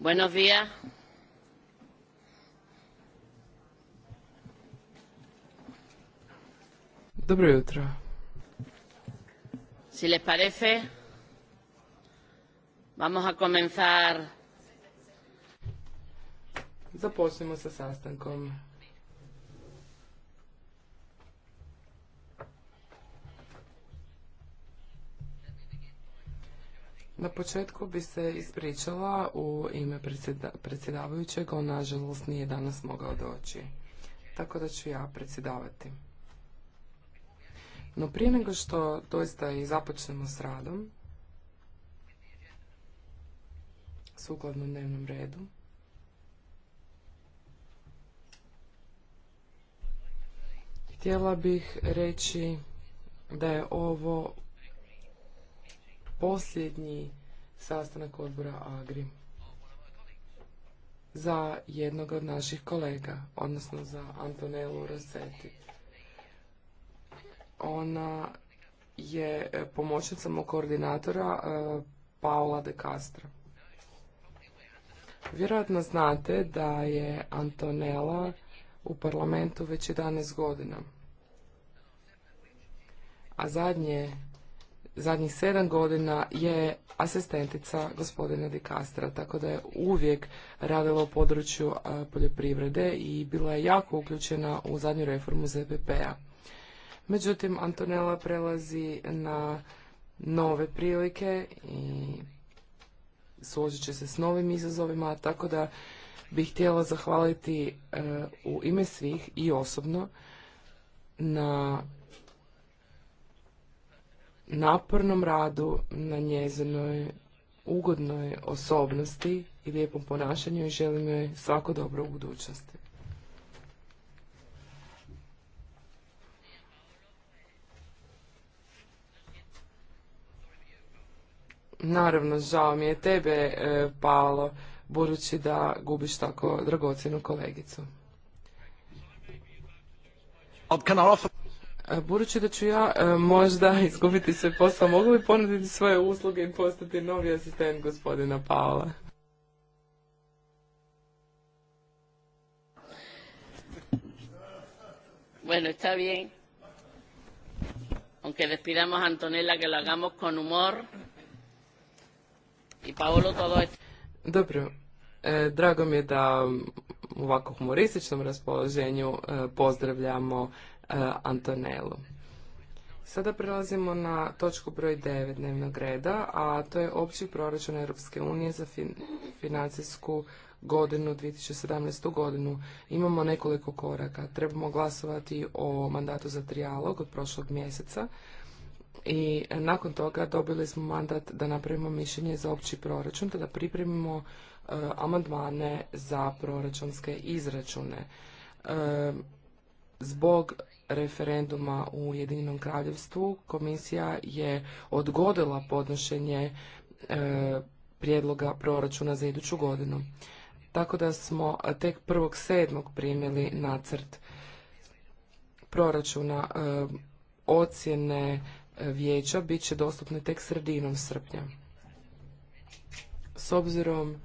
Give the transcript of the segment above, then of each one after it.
Buenos días. Dobro jutro. Si les parece, vamos a comenzar. Zaposlimo sa sastankom. Na početku bi se ispričala u ime predsjedavajućeg, on nažalost nije danas mogao doći. Tako da ću ja predsjedavati. No prije nego što doista i započnemo s radom, sukladno dnevnom redu, htjela bih reći da je ovo posljednji sastanak odbora Agri za jednog od naših kolega, odnosno za Antonelu Rosetti. Ona je pomoćnica mog koordinatora eh, Paola de Castro. Vjerojatno znate da je Antonella u parlamentu već 11 godina. A zadnje zadnjih sedam godina je asistentica gospodina Dikastra, tako da je uvijek radila u području poljoprivrede i bila je jako uključena u zadnju reformu ZPP-a. Međutim, Antonella prelazi na nove prilike i suočit će se s novim izazovima, tako da bih htjela zahvaliti e, u ime svih i osobno na napornom radu na njezinoj ugodnoj osobnosti i lijepom ponašanju i želim joj svako dobro u budućnosti. Naravno, žao mi je tebe, palo e, Paolo, budući da gubiš tako dragocjenu kolegicu. Can Budući da ću ja e, možda izgubiti svoj posao, mogu li ponuditi svoje usluge i postati novi asistent gospodina Paola? Bueno, está bien. Aunque despidamos a Antonella, que lo hagamos con humor. I Paolo todo esto. Dobro. E, drago mi je da u ovako humorističnom raspoloženju e, pozdravljamo E, Antonelu. Sada prelazimo na točku broj 9 dnevnog reda, a to je opći proračun Europske unije za financijsku godinu, 2017. godinu. Imamo nekoliko koraka. Trebamo glasovati o mandatu za trijalog od prošlog mjeseca i nakon toga dobili smo mandat da napravimo mišljenje za opći proračun, te da pripremimo e, amandmane za proračunske izračune. E, zbog referenduma u Ujedinjenom kraljevstvu komisija je odgodila podnošenje e, prijedloga proračuna za iduću godinu. Tako da smo tek 1.7. primili nacrt proračuna e, ocjene e, vijeća bit će dostupne tek sredinom srpnja. S obzirom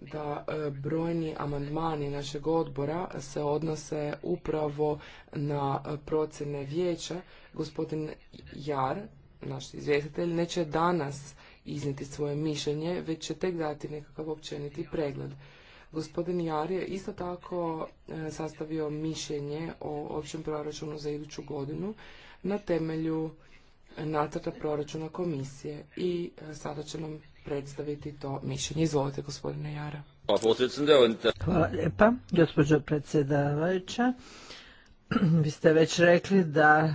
da e, brojni amandmani našeg odbora se odnose upravo na e, procjene vijeća. Gospodin Jar, naš izvjestitelj, neće danas iznijeti svoje mišljenje, već će tek dati nekakav općeniti pregled. Gospodin Jar je isto tako e, sastavio mišljenje o općem proračunu za iduću godinu na temelju nacrta proračuna komisije i sada će nam predstaviti to mišljenje. Izvolite, gospodine Jara. Hvala lijepa, gospođo predsjedavajuća. Vi ste već rekli da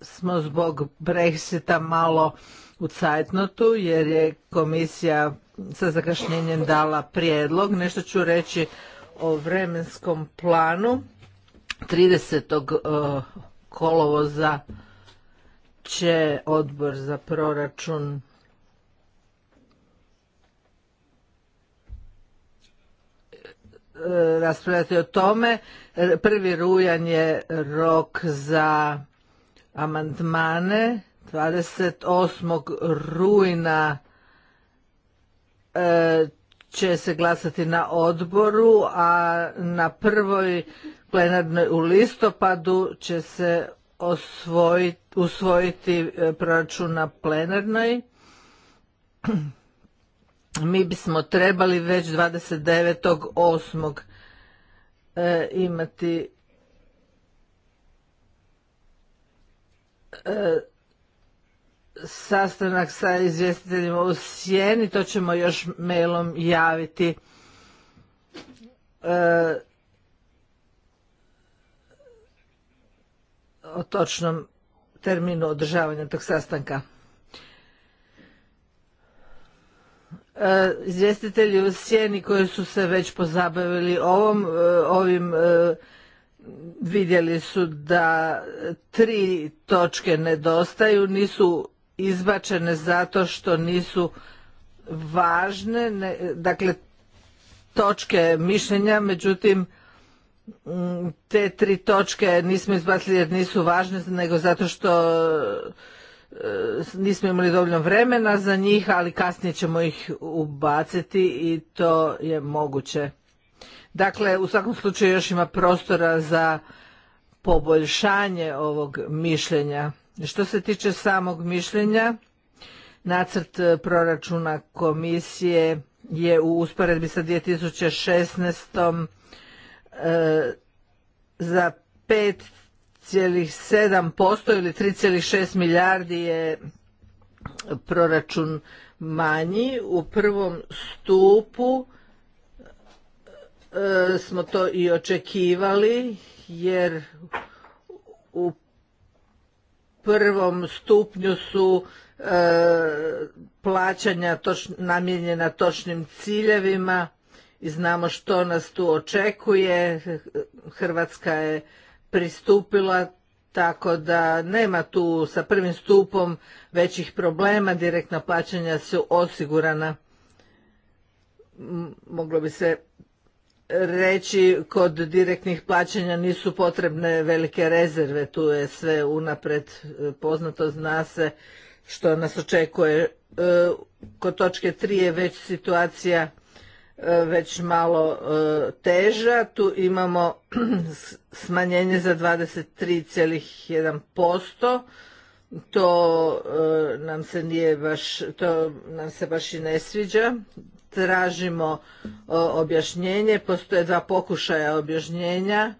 smo zbog Brexita malo u jer je komisija sa zakašnjenjem dala prijedlog. Nešto ću reći o vremenskom planu. 30. E, kolovoza će odbor za proračun E, raspravljati o tome. Prvi rujan je rok za amandmane. 28. rujna e, će se glasati na odboru, a na prvoj plenarnoj u listopadu će se usvojiti e, proračun na plenarnoj mi bismo trebali već 29.8. E, imati e, sastanak sa izvjestiteljima u Sjeni, to ćemo još mailom javiti. E, o točnom terminu održavanja tog sastanka. E, izvjestitelji u sjeni koji su se već pozabavili ovom, e, ovim e, vidjeli su da tri točke nedostaju, nisu izbačene zato što nisu važne, dakle točke mišljenja, međutim te tri točke nismo izbacili jer nisu važne, nego zato što E, nismo imali dovoljno vremena za njih, ali kasnije ćemo ih ubaciti i to je moguće. Dakle, u svakom slučaju još ima prostora za poboljšanje ovog mišljenja. Što se tiče samog mišljenja, nacrt e, proračuna komisije je u usporedbi sa 2016. E, za pet 3,7% ili 3,6 milijardi je proračun manji. U prvom stupu e, smo to i očekivali jer u prvom stupnju su e, plaćanja toč, namijenjena točnim ciljevima i znamo što nas tu očekuje. Hrvatska je pristupila tako da nema tu sa prvim stupom većih problema, direktna plaćanja su osigurana. Moglo bi se reći kod direktnih plaćanja nisu potrebne velike rezerve, tu je sve unapred e, poznato, zna se što nas očekuje. E, kod točke tri je već situacija već malo e, teža. Tu imamo smanjenje za 23,1%. To e, nam se nije baš, to nam se baš i ne sviđa. Tražimo e, objašnjenje. Postoje dva pokušaja objašnjenja.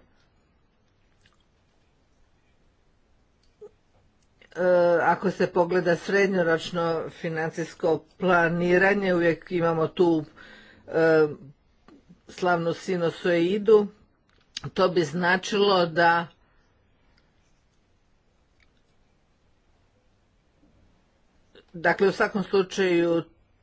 Ako se pogleda srednjoročno financijsko planiranje, uvijek imamo tu E, slavnu sinusoidu, to bi značilo da Dakle, u svakom slučaju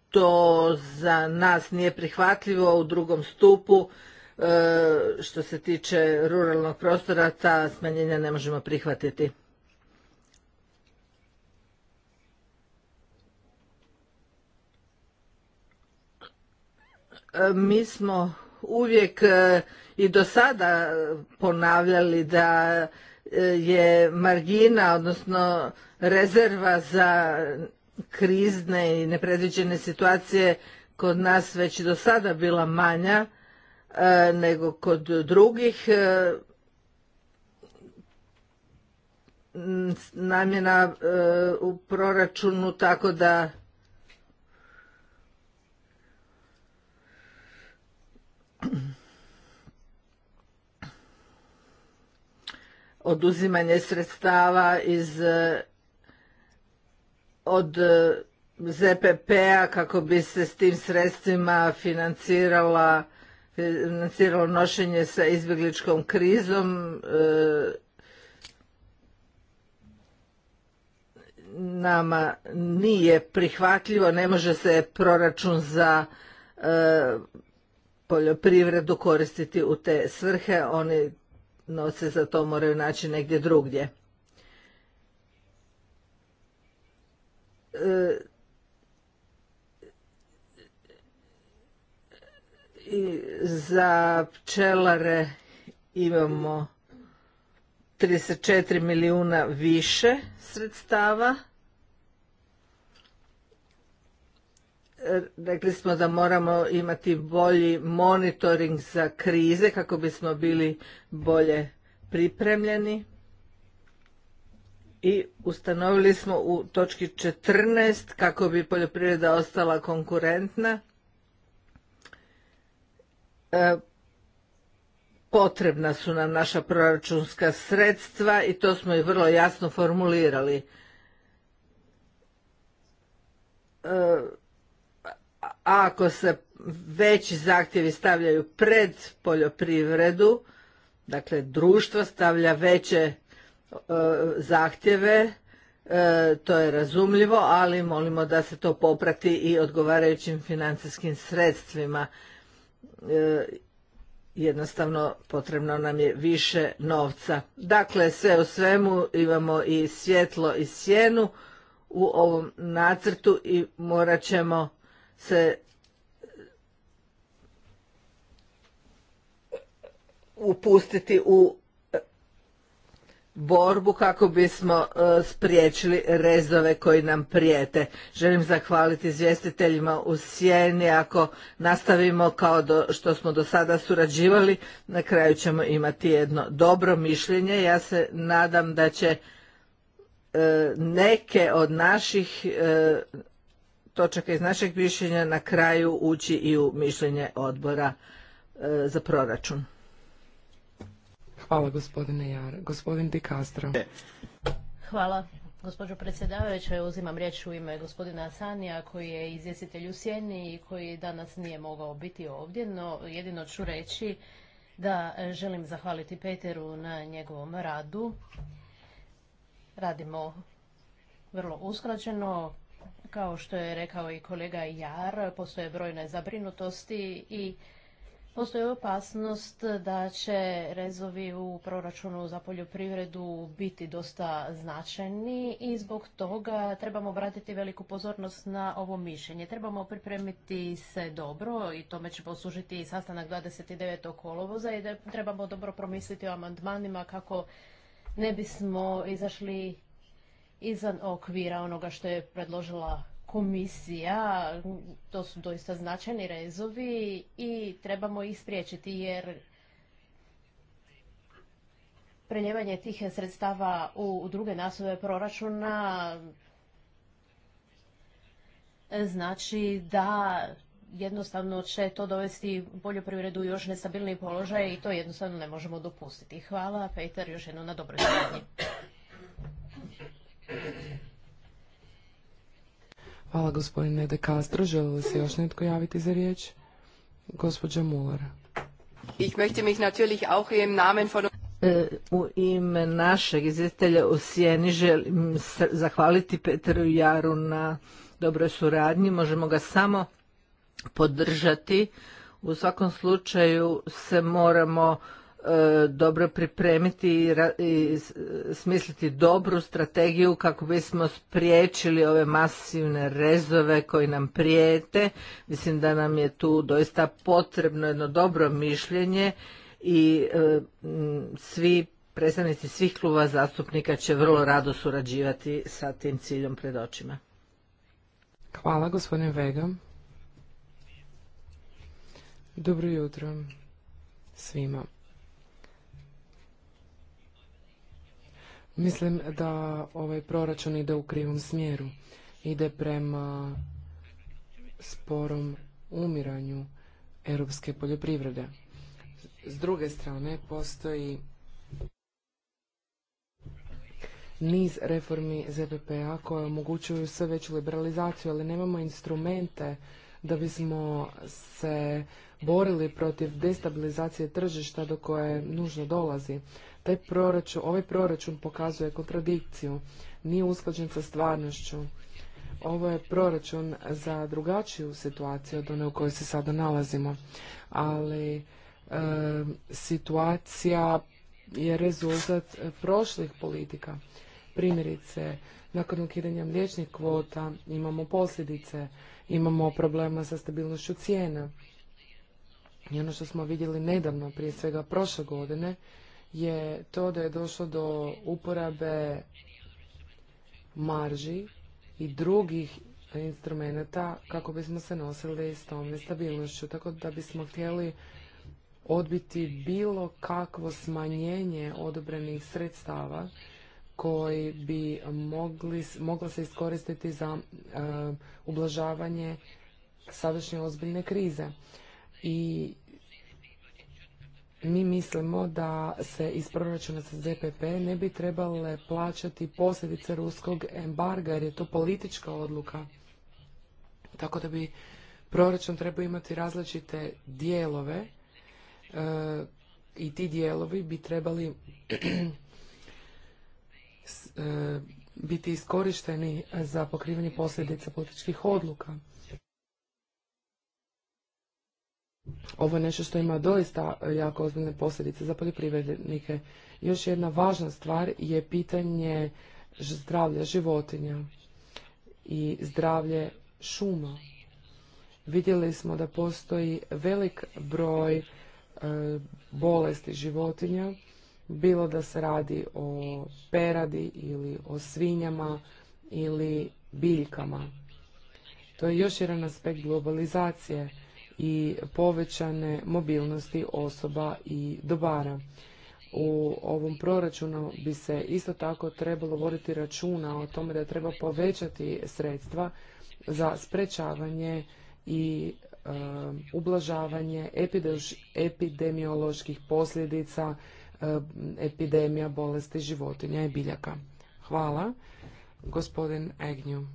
to za nas nije prihvatljivo u drugom stupu. E, što se tiče ruralnog prostora, ta smanjenja ne možemo prihvatiti. mi smo uvijek e, i do sada ponavljali da e, je margina, odnosno rezerva za krizne i nepredviđene situacije kod nas već do sada bila manja e, nego kod drugih. namjena u proračunu tako da oduzimanje sredstava iz e, od e, ZPP-a kako bi se s tim sredstvima financirala financiralo nošenje sa izbjegličkom krizom e, nama nije prihvatljivo, ne može se proračun za poljoprivredu koristiti u te svrhe, oni novce za to moraju naći negdje drugdje. E, i za pčelare imamo 34 milijuna više sredstava rekli smo da moramo imati bolji monitoring za krize kako bismo bili bolje pripremljeni i ustanovili smo u točki 14 kako bi poljoprivreda ostala konkurentna e, potrebna su nam naša proračunska sredstva i to smo i vrlo jasno formulirali e, ako se veći zahtjevi stavljaju pred poljoprivredu, dakle društvo stavlja veće e, zahtjeve, e, to je razumljivo, ali molimo da se to poprati i odgovarajućim financijskim sredstvima. E, jednostavno potrebno nam je više novca. Dakle, sve u svemu imamo i svjetlo i sjenu u ovom nacrtu i morat ćemo se upustiti u borbu kako bismo e, spriječili rezove koji nam prijete. Želim zahvaliti izvjestiteljima u Sjeni. Ako nastavimo kao što smo do sada surađivali, na kraju ćemo imati jedno dobro mišljenje. Ja se nadam da će e, neke od naših e, točaka iz našeg mišljenja na kraju ući i u mišljenje odbora e, za proračun. Hvala gospodine Jar. Gospodin Di Hvala. Gospođo predsjedavajuća, uzimam riječ u ime gospodina Sanija koji je izvjestitelj u Sjeni i koji danas nije mogao biti ovdje, no jedino ću reći da želim zahvaliti Peteru na njegovom radu. Radimo vrlo uskraćeno, kao što je rekao i kolega Jar, postoje brojne zabrinutosti i postoji opasnost da će rezovi u proračunu za poljoprivredu biti dosta značajni i zbog toga trebamo obratiti veliku pozornost na ovo mišljenje. Trebamo pripremiti se dobro i tome će poslužiti i sastanak 29. kolovoza i trebamo dobro promisliti o amandmanima kako ne bismo izašli izvan okvira onoga što je predložila komisija. To su doista značajni rezovi i trebamo ih spriječiti jer preljevanje tih sredstava u druge naslove proračuna znači da jednostavno će to dovesti poljoprivredu u još nestabilniji položaj i to jednostavno ne možemo dopustiti. Hvala Peter još jedno na dobroj Hvala gospodine De Castro. Želi li se još netko javiti za riječ? Gospođa Muller. Ich möchte mich natürlich auch im Namen von e, u ime našeg izvjetelja u Sjeni želim zahvaliti Petru Jaru na dobroj suradnji. Možemo ga samo podržati. U svakom slučaju se moramo E, dobro pripremiti i smisliti dobru strategiju kako bismo spriječili ove masivne rezove koji nam prijete. Mislim da nam je tu doista potrebno jedno dobro mišljenje i e, svi predstavnici svih kluba zastupnika će vrlo rado surađivati sa tim ciljom pred očima. Hvala gospodine Vega. Dobro jutro svima. Mislim da ovaj proračun ide u krivom smjeru. Ide prema sporom umiranju europske poljoprivrede. S druge strane, postoji niz reformi zpp koje omogućuju sve veću liberalizaciju, ali nemamo instrumente da bismo se borili protiv destabilizacije tržišta do koje nužno dolazi ovaj proračun pokazuje kontradikciju, nije usklađen sa stvarnošću. Ovo je proračun za drugačiju situaciju od one u kojoj se sada nalazimo, ali situacija je rezultat prošlih politika. Primjerice, nakon ukidanja mliječnih kvota imamo posljedice, imamo problema sa stabilnošću cijena. I ono što smo vidjeli nedavno, prije svega prošle godine, je to da je došlo do uporabe marži i drugih instrumenta kako bismo se nosili s tom nestabilnošću. Tako da bismo htjeli odbiti bilo kakvo smanjenje odobrenih sredstava koji bi mogli, moglo se iskoristiti za eh, ublažavanje sadašnje ozbiljne krize. I mi mislimo da se iz proračuna za ZPP ne bi trebale plaćati posljedice ruskog embarga jer je to politička odluka. Tako da bi proračun trebao imati različite dijelove e, i ti dijelovi bi trebali e, biti iskorišteni za pokrivanje posljedica političkih odluka. Ovo je nešto što ima doista jako ozbiljne posljedice za poljoprivrednike. Još jedna važna stvar je pitanje zdravlja životinja i zdravlje šuma. Vidjeli smo da postoji velik broj e, bolesti životinja, bilo da se radi o peradi ili o svinjama ili biljkama. To je još jedan aspekt globalizacije i povećane mobilnosti osoba i dobara. U ovom proračunu bi se isto tako trebalo voditi računa o tome da treba povećati sredstva za sprečavanje i um, ublažavanje epidemioloških posljedica um, epidemija bolesti životinja i biljaka. Hvala. Gospodin Egnju.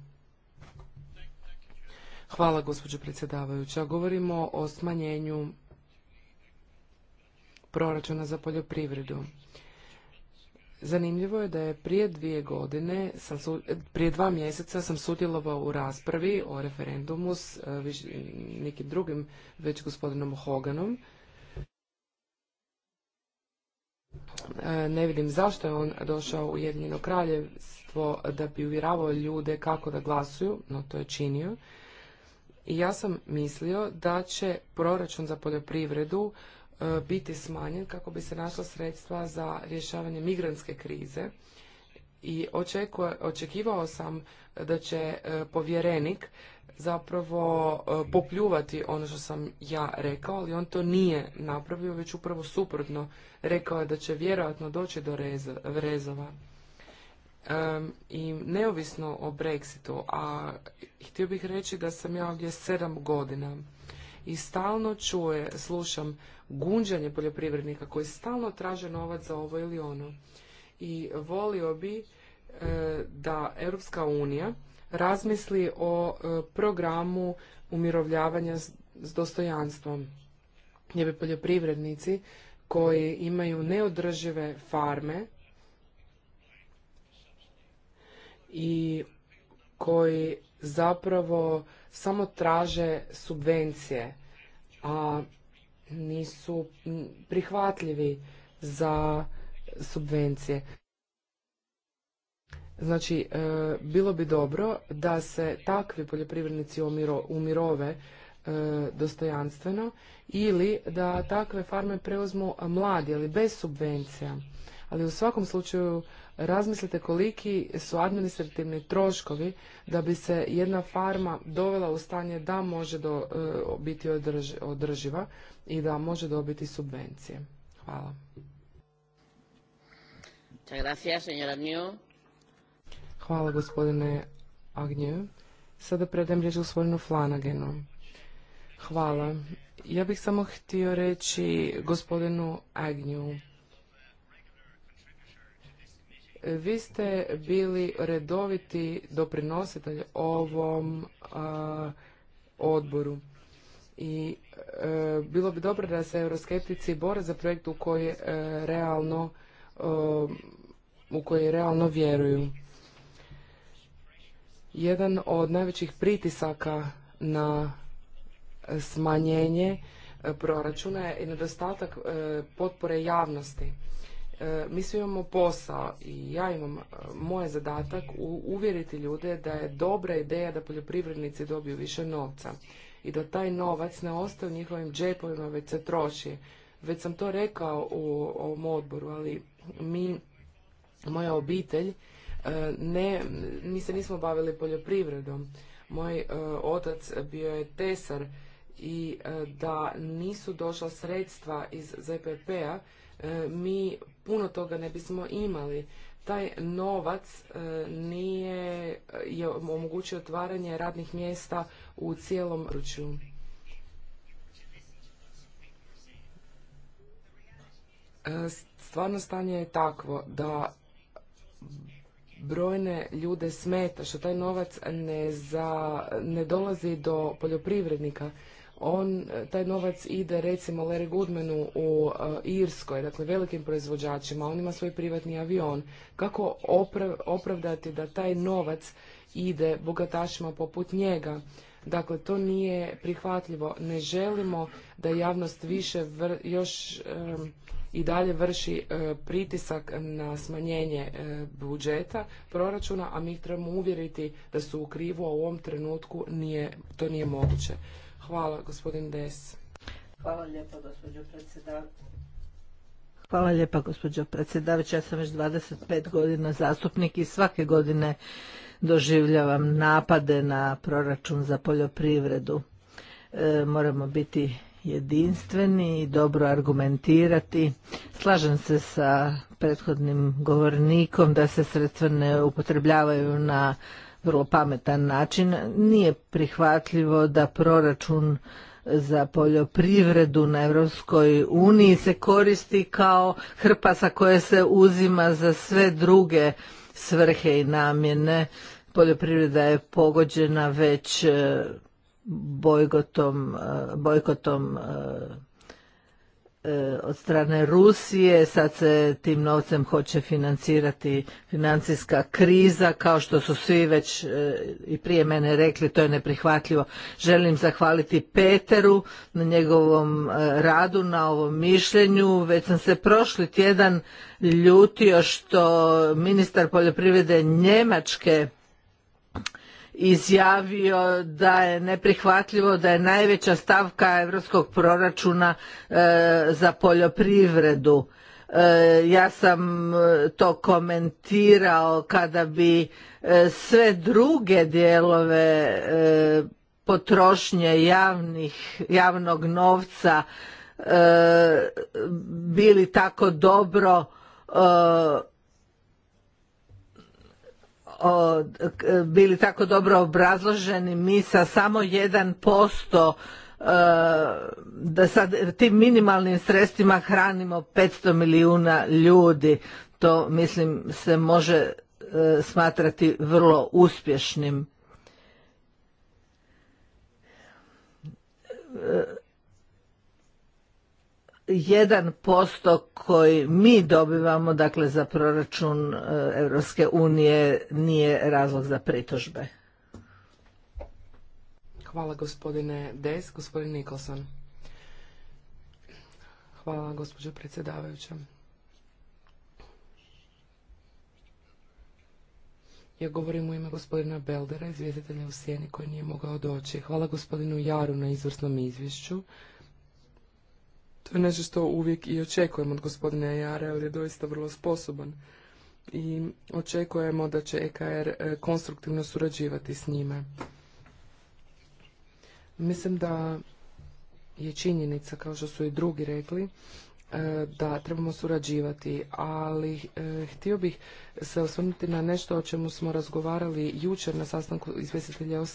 Hvala, gospođo predsjedavajuća. Govorimo o smanjenju proračuna za poljoprivredu. Zanimljivo je da je prije dvije godine, prije dva mjeseca sam sudjelovao u raspravi o referendumu s e, nekim drugim, već gospodinom Hoganom. E, ne vidim zašto je on došao u kraljevstvo da bi uvjeravao ljude kako da glasuju, no to je činio. I ja sam mislio da će proračun za poljoprivredu e, biti smanjen kako bi se našla sredstva za rješavanje migrantske krize i očekivao sam da će e, povjerenik zapravo e, popljuvati ono što sam ja rekao, ali on to nije napravio, već upravo suprotno rekao je da će vjerojatno doći do rezova i neovisno o Brexitu, a htio bih reći da sam ja ovdje sedam godina i stalno čuje, slušam gunđanje poljoprivrednika koji stalno traže novac za ovo ili ono. I volio bi eh, da Europska unija razmisli o eh, programu umirovljavanja s dostojanstvom njebe bi poljoprivrednici koji imaju neodržive farme i koji zapravo samo traže subvencije, a nisu prihvatljivi za subvencije. Znači, e, bilo bi dobro da se takvi poljoprivrednici umirove e, dostojanstveno ili da takve farme preuzmu mladi, ali bez subvencija. Ali u svakom slučaju razmislite koliki su administrativni troškovi da bi se jedna farma dovela u stanje da može do, e, biti održiva i da može dobiti subvencije. Hvala. Hvala gospodine Agnju. Sada predajem riječ gospodinu Flanagenu. Hvala. Ja bih samo htio reći gospodinu Agnju vi ste bili redoviti doprinositelj ovom odboru i e, bilo bi dobro da se euroskeptici bore za projekt u koji e, realno u koji realno vjeruju. Jedan od najvećih pritisaka na smanjenje e, proračuna je nedostatak potpore javnosti. E, mi svi imamo posao i ja imam e, moj zadatak uvjeriti ljude da je dobra ideja da poljoprivrednici dobiju više novca i da taj novac ne ostaje u njihovim džepovima već se troši. Već sam to rekao u ovom odboru, ali mi, moja obitelj, e, ne, mi se nismo bavili poljoprivredom. Moj otac bio je tesar i da nisu došla sredstva iz ZPP-a, mi puno toga ne bismo imali. Taj novac e, nije je omogućio otvaranje radnih mjesta u cijelom području. E, stvarno stanje je takvo da brojne ljude smeta što taj novac ne, za, ne dolazi do poljoprivrednika on, taj novac ide recimo Larry Goodmanu u e, Irskoj, dakle velikim proizvođačima, on ima svoj privatni avion. Kako opravdati da taj novac ide bogatašima poput njega? Dakle, to nije prihvatljivo. Ne želimo da javnost više vr još e, i dalje vrši e, pritisak na smanjenje budžeta, proračuna, a mi trebamo uvjeriti da su u krivu, a u ovom trenutku nije, to nije moguće. Hvala, gospodin Des. Hvala lijepa, gospođo predsjedavajuća. Hvala lijepa, gospođo Ja sam već 25 godina zastupnik i svake godine doživljavam napade na proračun za poljoprivredu. E, moramo biti jedinstveni i dobro argumentirati. Slažem se sa prethodnim govornikom da se sredstva ne upotrebljavaju na vrlo pametan način. Nije prihvatljivo da proračun za poljoprivredu na Europskoj uniji se koristi kao hrpa sa koje se uzima za sve druge svrhe i namjene. Poljoprivreda je pogođena već eh, eh, bojkotom, bojkotom eh, E, od strane Rusije, sad se tim novcem hoće financirati financijska kriza, kao što su svi već e, i prije mene rekli, to je neprihvatljivo. Želim zahvaliti Peteru na njegovom e, radu, na ovom mišljenju. Već sam se prošli tjedan ljutio što ministar poljoprivrede Njemačke izjavio da je neprihvatljivo da je najveća stavka europskog proračuna e, za poljoprivredu e, ja sam e, to komentirao kada bi sve druge dijelove potrošnje javnih, javnog novca bili tako dobro bili tako dobro obrazloženi mi sa samo 1% e, da sa tim minimalnim sredstvima hranimo 500 milijuna ljudi. To mislim se može e, smatrati vrlo uspješnim. E, jedan posto koji mi dobivamo dakle za proračun Europske unije nije razlog za pritužbe. Hvala gospodine Des, gospodin Nikolson. Hvala gospođo predsjedavajuća. Ja govorim u ime gospodina Beldera, izvjetitelja u Sjeni koji nije mogao doći. Hvala gospodinu Jaru na izvrsnom izvješću. To je nešto što uvijek i očekujem od gospodina Jara, ali je doista vrlo sposoban. I očekujemo da će EKR e, konstruktivno surađivati s njime. Mislim da je činjenica, kao što su i drugi rekli, e, da trebamo surađivati, ali e, htio bih se osvrnuti na nešto o čemu smo razgovarali jučer na sastanku izvjestitelja o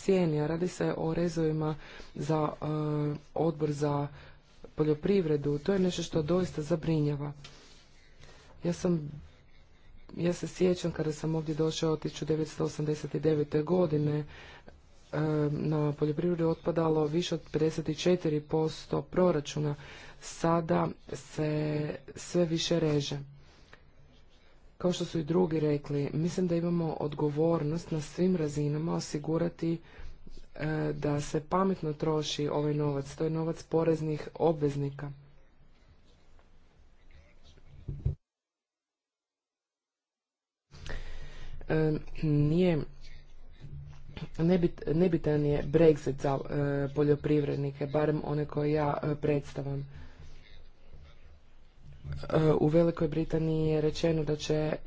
a radi se o rezovima za odbor za poljoprivredu, to je nešto što doista zabrinjava. Ja sam ja se sjećam kada sam ovdje došao 1989. godine na poljoprivredu otpadalo više od 54% proračuna. Sada se sve više reže. Kao što su i drugi rekli, mislim da imamo odgovornost na svim razinama osigurati E, da se pametno troši ovaj novac. To je novac poreznih obveznika. E, nije nebitan je Brexit za e, poljoprivrednike, barem one koje ja predstavam u Velikoj Britaniji je rečeno da će e,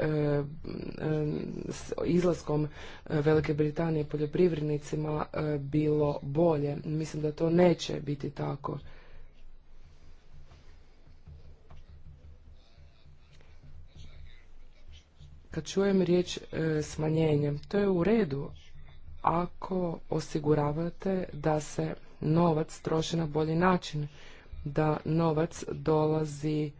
s izlaskom e, Velike Britanije poljoprivrednicima e, bilo bolje. Mislim da to neće biti tako. Kad čujem riječ smanjenje, to je u redu ako osiguravate da se novac troši na bolji način, da novac dolazi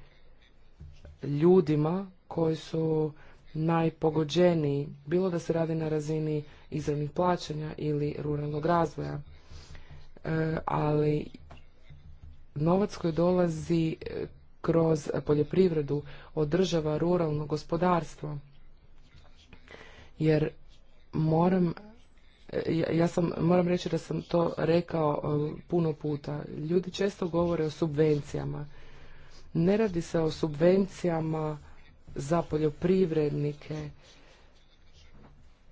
ljudima koji su najpogođeniji, bilo da se radi na razini izravnih plaćanja ili ruralnog razvoja. E, ali novac koji dolazi e, kroz poljoprivredu održava ruralno gospodarstvo. Jer moram e, ja, sam, moram reći da sam to rekao puno puta. Ljudi često govore o subvencijama ne radi se o subvencijama za poljoprivrednike.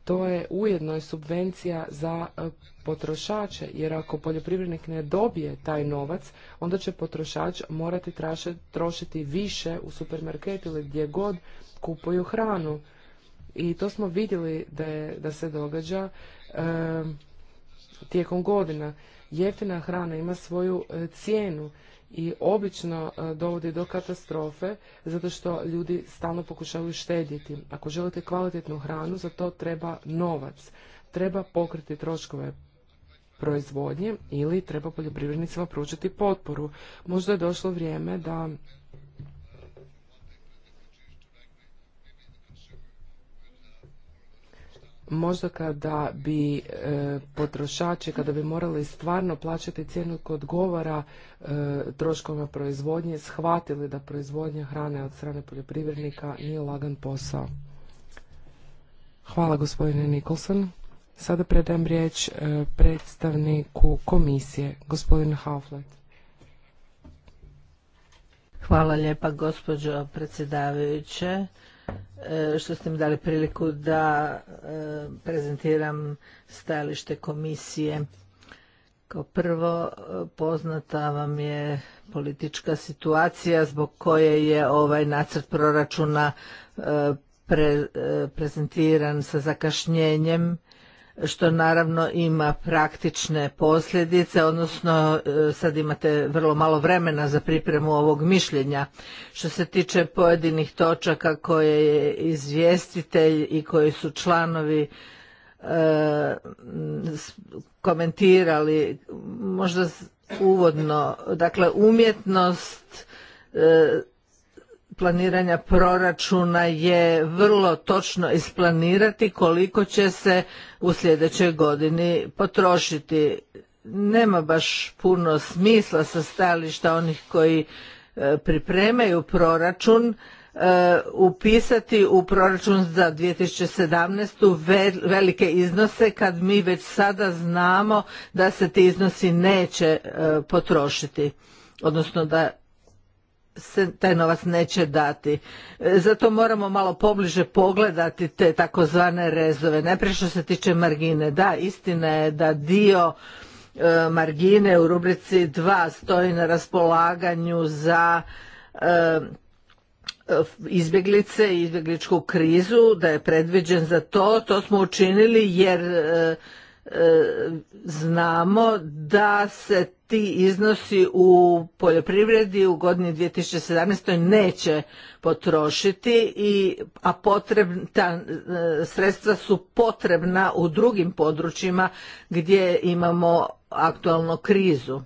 To je ujedno je subvencija za e, potrošače, jer ako poljoprivrednik ne dobije taj novac, onda će potrošač morati trošiti više u supermarketu ili gdje god kupuju hranu. I to smo vidjeli da, je, da se događa e, tijekom godina. Jeftina hrana ima svoju e, cijenu i obično e, dovodi do katastrofe zato što ljudi stalno pokušavaju štedjeti. Ako želite kvalitetnu hranu, za to treba novac. Treba pokriti troškove proizvodnje ili treba poljoprivrednicima pružiti potporu. Možda je došlo vrijeme da Možda kada bi e, potrošači, kada bi morali stvarno plaćati cijenu koja odgovara e, troškovima proizvodnje, shvatili da proizvodnja hrane od strane poljoprivrednika nije lagan posao. Hvala gospodine Nikolson. Sada predajem riječ e, predstavniku komisije, gospodin Hauflet. Hvala lijepa gospođo predsjedavajuće. E, što ste mi dali priliku da e, prezentiram stajalište komisije. Kao prvo e, poznata vam je politička situacija zbog koje je ovaj nacrt proračuna prezentiran sa zakašnjenjem što naravno ima praktične posljedice, odnosno e, sad imate vrlo malo vremena za pripremu ovog mišljenja. Što se tiče pojedinih točaka koje je izvjestitelj i koji su članovi e, komentirali, možda uvodno, dakle umjetnost e, planiranja proračuna je vrlo točno isplanirati koliko će se u sljedećoj godini potrošiti. Nema baš puno smisla sa stajališta onih koji e, pripremaju proračun e, upisati u proračun za 2017. velike iznose kad mi već sada znamo da se ti iznosi neće e, potrošiti odnosno da se taj novac neće dati. E, zato moramo malo pobliže pogledati te takozvane rezove. Najprije što se tiče margine. Da, istina je da dio e, margine u rubrici 2 stoji na raspolaganju za e, izbjeglice i izbjegličku krizu, da je predviđen za to. To smo učinili jer E, znamo da se ti iznosi u poljoprivredi u godini 2017. neće potrošiti, i, a potrebna, ta e, sredstva su potrebna u drugim područjima gdje imamo aktualnu krizu.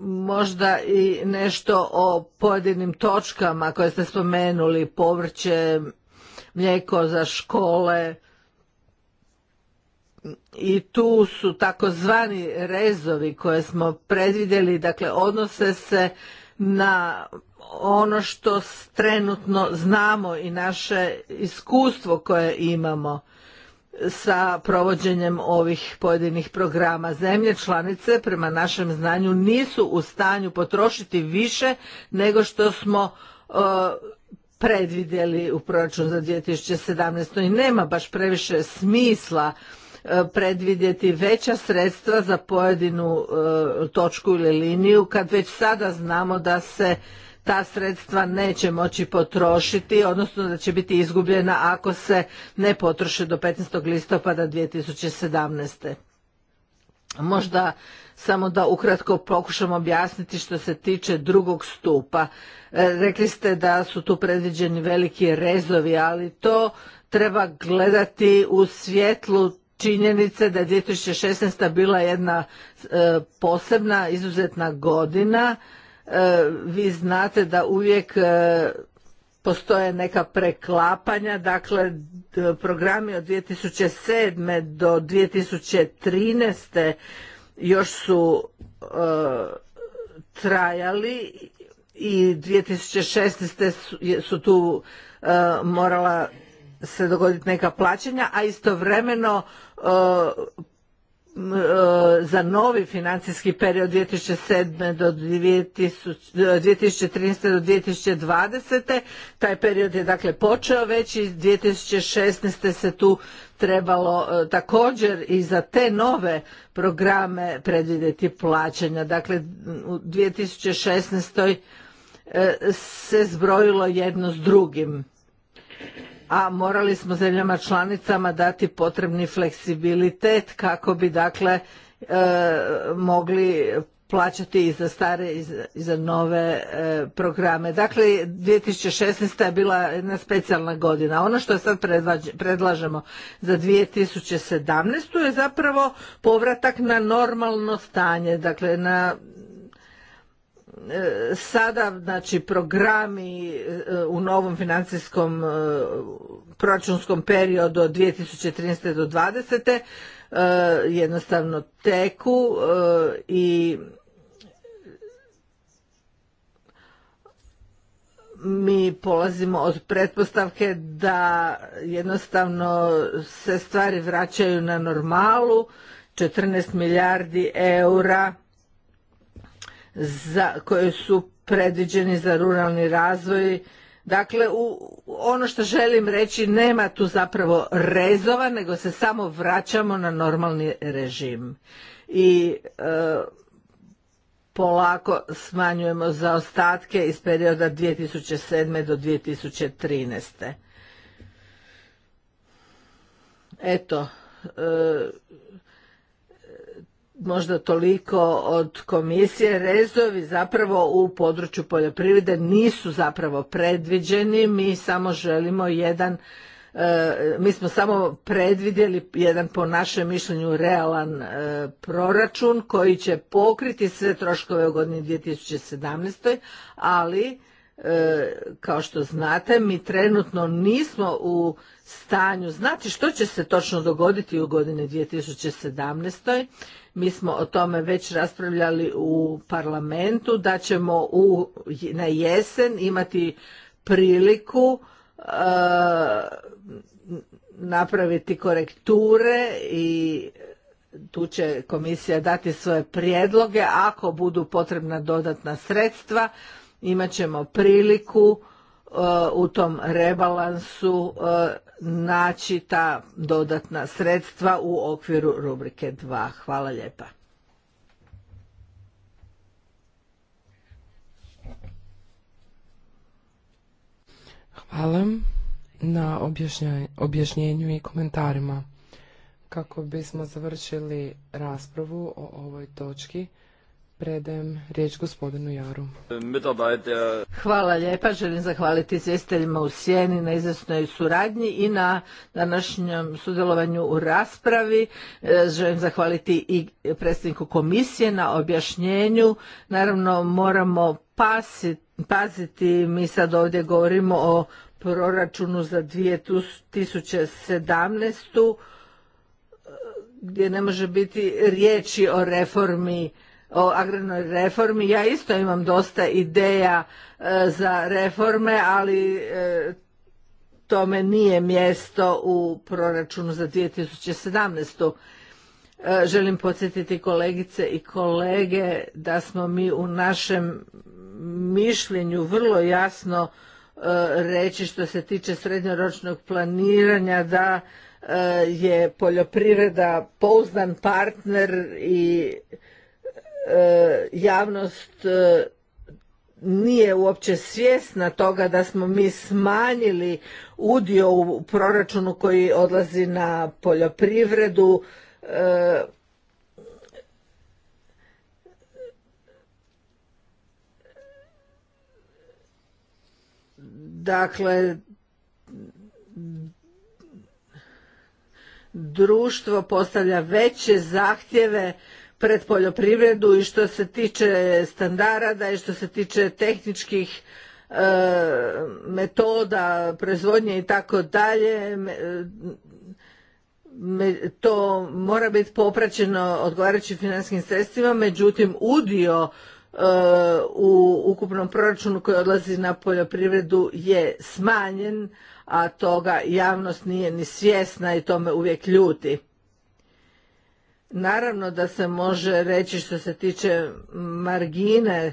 možda i nešto o pojedinim točkama koje ste spomenuli, povrće, mlijeko za škole i tu su takozvani rezovi koje smo predvidjeli, dakle odnose se na ono što trenutno znamo i naše iskustvo koje imamo sa provođenjem ovih pojedinih programa. Zemlje članice prema našem znanju nisu u stanju potrošiti više nego što smo e, predvidjeli u proračun za 2017. i nema baš previše smisla e, predvidjeti veća sredstva za pojedinu e, točku ili liniju kad već sada znamo da se ta sredstva neće moći potrošiti, odnosno da će biti izgubljena ako se ne potroše do 15. listopada 2017. Možda samo da ukratko pokušam objasniti što se tiče drugog stupa. E, rekli ste da su tu predviđeni veliki rezovi, ali to treba gledati u svjetlu činjenice da je 2016. bila jedna e, posebna izuzetna godina. E, vi znate da uvijek postoje neka preklapanja, dakle programi od 2007. do 2013. još su e, trajali i 2016. su, su tu e, morala se dogoditi neka plaćanja, a istovremeno e, E, za novi financijski period 2007. do 2013. E, do 2020. Taj period je dakle počeo već i 2016. se tu trebalo e, također i za te nove programe predvidjeti plaćanja. Dakle, u 2016. se zbrojilo jedno s drugim a morali smo zemljama članicama dati potrebni fleksibilitet kako bi dakle e, mogli plaćati i za stare i za nove e, programe. Dakle, 2016. je bila jedna specijalna godina. Ono što sad predlažemo za 2017. je zapravo povratak na normalno stanje, dakle na sada znači programi e, u novom financijskom e, proračunskom periodu od 2013. do 2020. E, jednostavno teku i mi polazimo od pretpostavke da jednostavno se stvari vraćaju na normalu 14 milijardi eura za, koje su predviđeni za ruralni razvoj. Dakle, ono što želim reći, nema tu zapravo rezova, nego se samo vraćamo na normalni režim. I e, polako smanjujemo zaostatke iz perioda 2007. do 2013. Eto, e, možda toliko od komisije, rezovi zapravo u području poljoprivrede nisu zapravo predviđeni, mi samo želimo jedan e, mi smo samo predvidjeli jedan po našem mišljenju realan e, proračun koji će pokriti sve troškove u godini 2017. ali e, kao što znate mi trenutno nismo u stanju znati što će se točno dogoditi u godini 2017 mi smo o tome već raspravljali u parlamentu, da ćemo u, na jesen imati priliku e, napraviti korekture i tu će komisija dati svoje prijedloge. Ako budu potrebna dodatna sredstva, imat ćemo priliku e, u tom rebalansu e, naći ta dodatna sredstva u okviru rubrike 2. Hvala lijepa. Hvala na objašnjenju i komentarima. Kako bismo završili raspravu o ovoj točki, Predajem riječ gospodinu Jaru. Hvala lijepa, želim zahvaliti izvjestiteljima u Sjeni na izvrsnoj suradnji i na današnjem sudjelovanju u raspravi. E, želim zahvaliti i predsjedniku komisije na objašnjenju. Naravno moramo paziti, mi sad ovdje govorimo o proračunu za 2017. E, gdje ne može biti riječi o reformi o agrarnoj reformi. Ja isto imam dosta ideja e, za reforme, ali e, tome nije mjesto u proračunu za 2017. E, želim podsjetiti kolegice i kolege da smo mi u našem mišljenju vrlo jasno reći što se tiče srednjoročnog planiranja da je poljoprivreda pouzdan partner i E, javnost e, nije uopće svjesna toga da smo mi smanjili udio u proračunu koji odlazi na poljoprivredu e, dakle društvo postavlja veće zahtjeve pred poljoprivredu i što se tiče standarda i što se tiče tehničkih e, metoda proizvodnje i tako dalje to mora biti popraćeno odgovarajućim financijskim sredstvima međutim udio e, u ukupnom proračunu koji odlazi na poljoprivredu je smanjen a toga javnost nije ni svjesna i to me uvijek ljuti Naravno da se može reći što se tiče margine e,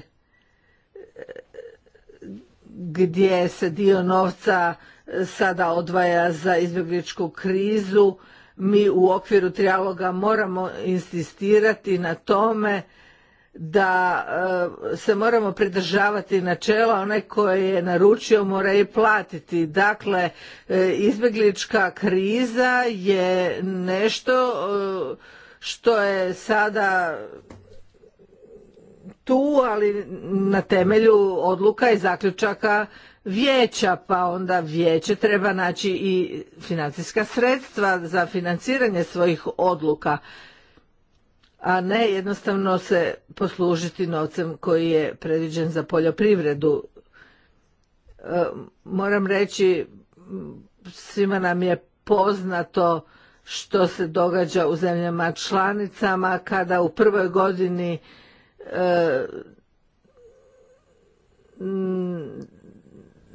gdje se dio novca e, sada odvaja za izbjegličku krizu. Mi u okviru trijaloga moramo insistirati na tome da e, se moramo pridržavati načela, onaj koje je naručio mora i platiti. Dakle, izbjeglička kriza je nešto što je sada tu, ali na temelju odluka i zaključaka vijeća, pa onda vijeće treba naći i financijska sredstva za financiranje svojih odluka, a ne jednostavno se poslužiti novcem koji je predviđen za poljoprivredu. E, moram reći, svima nam je poznato što se događa u zemljama članicama kada u prvoj godini e,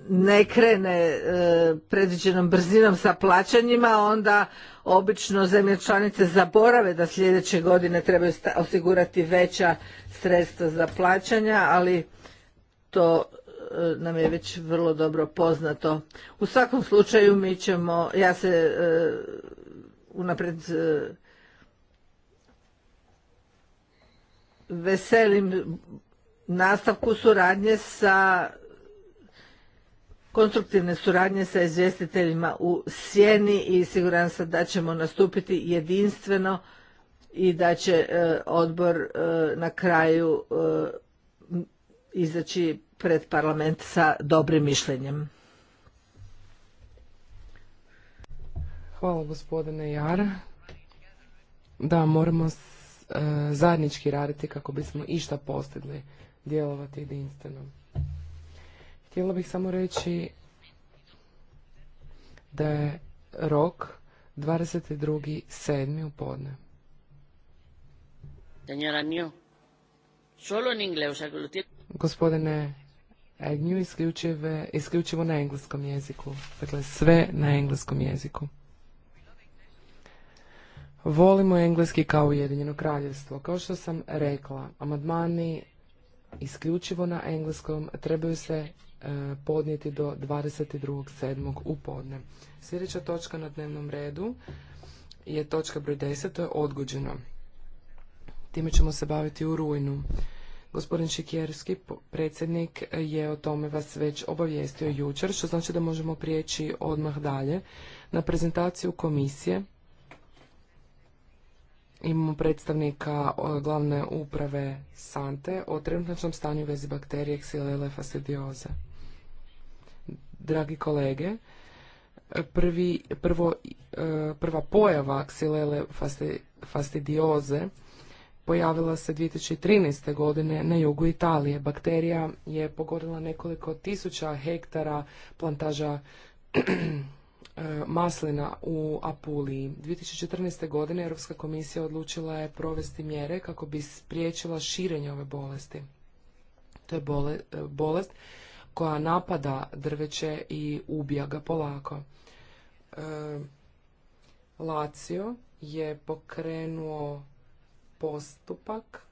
ne krene e, predviđenom brzinom sa plaćanjima onda obično zemlje članice zaborave da sljedeće godine trebaju osigurati veća sredstva za plaćanja ali to e, nam je već vrlo dobro poznato. U svakom slučaju mi ćemo, ja se unapred e, veselim nastavku suradnje sa konstruktivne suradnje sa izvjestiteljima u sjeni i siguran sam da ćemo nastupiti jedinstveno i da će e, odbor e, na kraju izaći pred parlament sa dobrim mišljenjem. Hvala gospodine Jar. Da, moramo e, zajednički raditi kako bismo išta postigli djelovati jedinstveno. Htjela bih samo reći da je rok 22.7. u podne. Gospodine Agnew, isključivo na engleskom jeziku. Dakle, sve na engleskom jeziku. Volimo engleski kao Ujedinjeno kraljevstvo. Kao što sam rekla, amadmani isključivo na engleskom trebaju se e, podnijeti do 22.7. u podne. Sljedeća točka na dnevnom redu je točka broj 10, to je odgođeno. Time ćemo se baviti u rujnu. Gospodin Šikjerski, predsjednik, je o tome vas već obavijestio jučer, što znači da možemo prijeći odmah dalje na prezentaciju komisije Imamo predstavnika glavne uprave Sante o trenutnom stanju vezi bakterije Xylella fastidiosa. Dragi kolege, prvi, prvo, e, prva pojava Xylella fastidioze pojavila se 2013. godine na jugu Italije. Bakterija je pogodila nekoliko tisuća hektara plantaža E, maslina u Apuliji. 2014. godine Europska komisija odlučila je provesti mjere kako bi spriječila širenje ove bolesti. To je e, bolest koja napada drveće i ubija ga polako. E, Lazio je pokrenuo postupak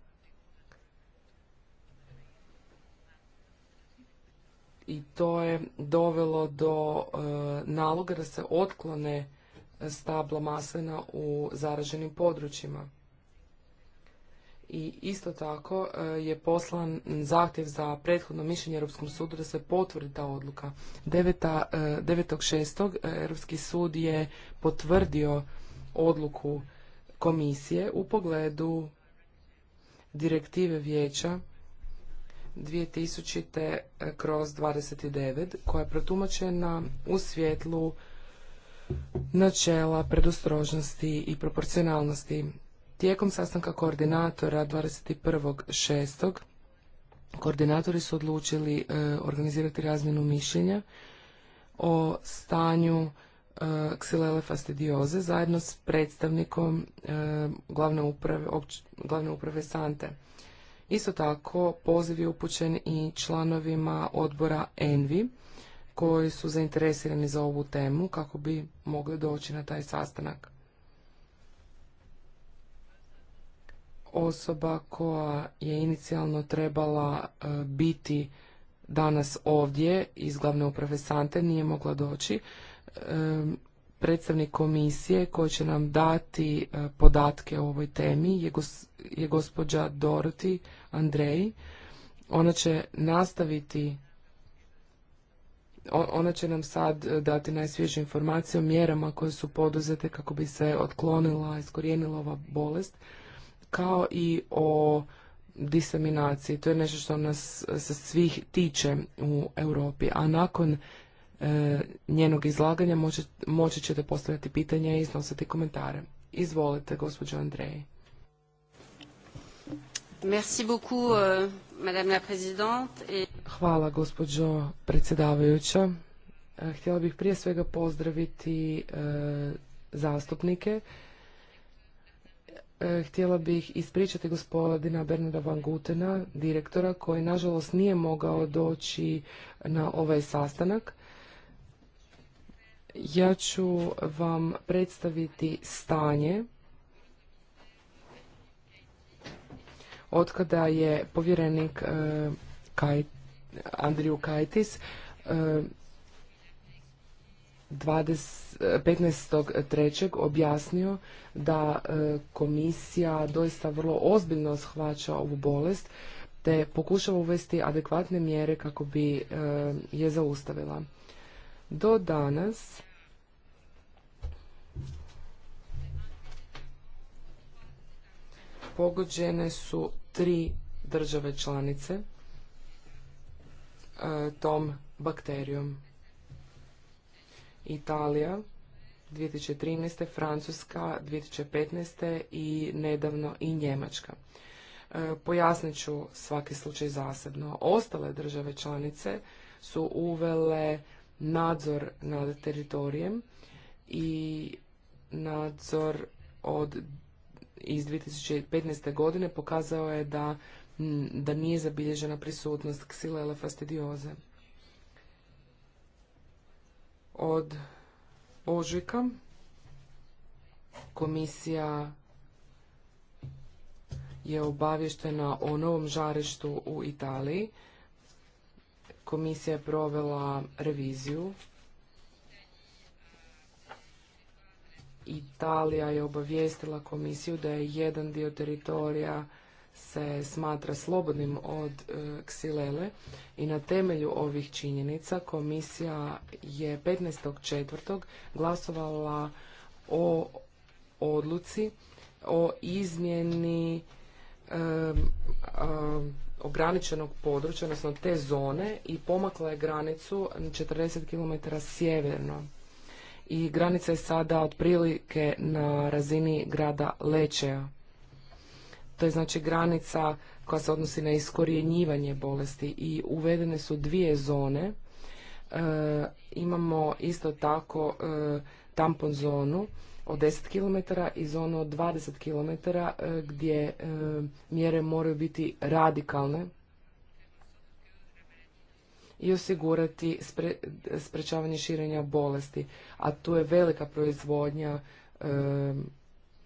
i to je dovelo do e, naloga da se otklone stabla maslina u zaraženim područjima. I isto tako e, je poslan zahtjev za prethodno mišljenje Europskom sudu da se potvrdi ta odluka. 9.6. E, Europski sud je potvrdio odluku komisije u pogledu direktive vijeća 2000. E, kroz 29 koja je protumačena u svjetlu načela predostrožnosti i proporcionalnosti. Tijekom sastanka koordinatora 21.6. koordinatori su odlučili e, organizirati razmjenu mišljenja o stanju e, ksilele fastidioze zajedno s predstavnikom glavne glavne uprave Sante. Isto tako, poziv je upućen i članovima odbora ENVI koji su zainteresirani za ovu temu kako bi mogli doći na taj sastanak. Osoba koja je inicijalno trebala e, biti danas ovdje iz glavne uprave Sante nije mogla doći predstavnik komisije koji će nam dati e, podatke o ovoj temi je, gospođa Dorothy Andrej. Ona će nastaviti ona će nam sad e, dati najsvježe informacije o mjerama koje su poduzete kako bi se otklonila, iskorijenila ova bolest, kao i o diseminaciji. To je nešto što nas e, se svih tiče u Europi. A nakon E, njenog izlaganja moći, ćete postavljati pitanja i iznositi komentare. Izvolite, gospođo Andreji. Merci beaucoup, euh, Hvala, gospođo predsjedavajuća. E, htjela bih prije svega pozdraviti e, zastupnike. Htjela bih ispričati gospodina Bernarda Van Gutena, direktora, koji nažalost nije mogao doći na ovaj sastanak ja ću vam predstaviti stanje otkada je povjerenik e, Andriju Kajtis 15.3. E, objasnio da e, komisija doista vrlo ozbiljno shvaća ovu bolest te pokušava uvesti adekvatne mjere kako bi je zaustavila do danas pogođene su tri države članice e, tom bakterijom. Italija 2013. Francuska 2015. i nedavno i Njemačka. E, pojasnit ću svaki slučaj zasebno. Ostale države članice su uvele nadzor nad teritorijem i nadzor od iz 2015. godine pokazao je da, da nije zabilježena prisutnost ksilele fastidioze. Od ožujka komisija je obavještena o novom žarištu u Italiji Komisija je provela reviziju. Italija je obavijestila komisiju da je jedan dio teritorija se smatra slobodnim od e, ksilele i na temelju ovih činjenica komisija je 15.4. glasovala o odluci o izmjeni e, e, ograničenog područja, odnosno te zone i pomakla je granicu 40 km sjeverno. I granica je sada otprilike na razini grada Lečeja. To je znači granica koja se odnosi na iskorjenjivanje bolesti i uvedene su dvije zone. E, imamo isto tako e, tampon zonu od 10 km i zonu od 20 km e, gdje e, mjere moraju biti radikalne i osigurati sprječavanje sprečavanje širenja bolesti, a tu je velika proizvodnja e,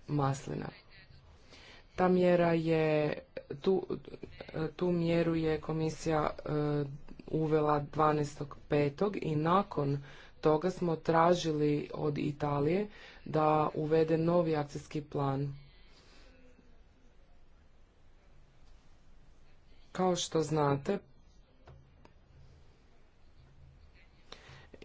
maslina. Ta mjera je, tu, mjeru je komisija uvela 12.5. i nakon toga smo tražili od Italije da uvede novi akcijski plan. Kao što znate,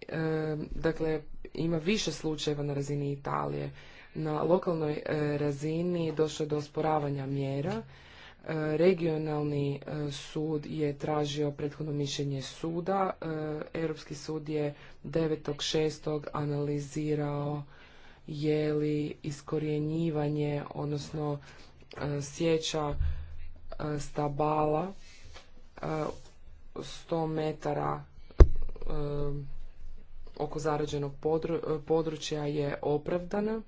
e, dakle, ima više slučajeva na razini Italije. Na lokalnoj e, razini došlo je do osporavanja mjera. E, regionalni sud je tražio prethodno mišljenje suda. Europski sud je 9.6. analizirao je li iskorjenjivanje, odnosno e, sjeća e, stabala 100 e, metara oko zarađenog područja je opravdana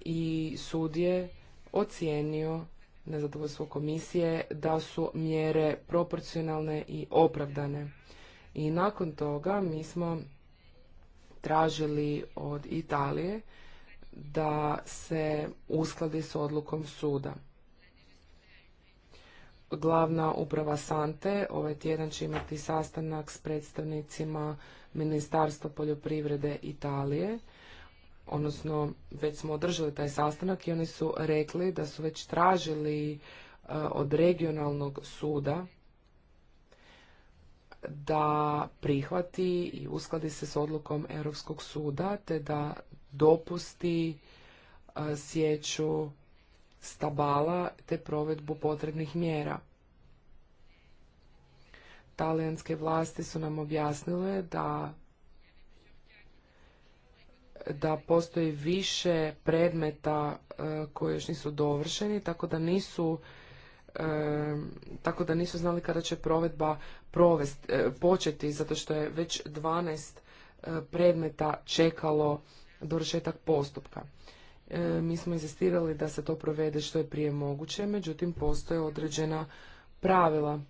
i sud je ocijenio nezadovoljstvo komisije da su mjere proporcionalne i opravdane. I nakon toga mi smo tražili od Italije da se uskladi s odlukom suda. Glavna uprava Sante ovaj tjedan će imati sastanak s predstavnicima Ministarstva poljoprivrede Italije, odnosno već smo održali taj sastanak i oni su rekli da su već tražili eh, od regionalnog suda da prihvati i uskladi se s odlukom Europskog suda te da dopusti sjeću stabala te provedbu potrebnih mjera. Talijanske vlasti su nam objasnile da da postoji više predmeta koji još nisu dovršeni, tako da nisu tako da nisu znali kada će provedba provest, e, početi, zato što je već 12 e, predmeta čekalo dovršetak postupka. E, mi smo insistirali da se to provede što je prije moguće, međutim postoje određena pravila.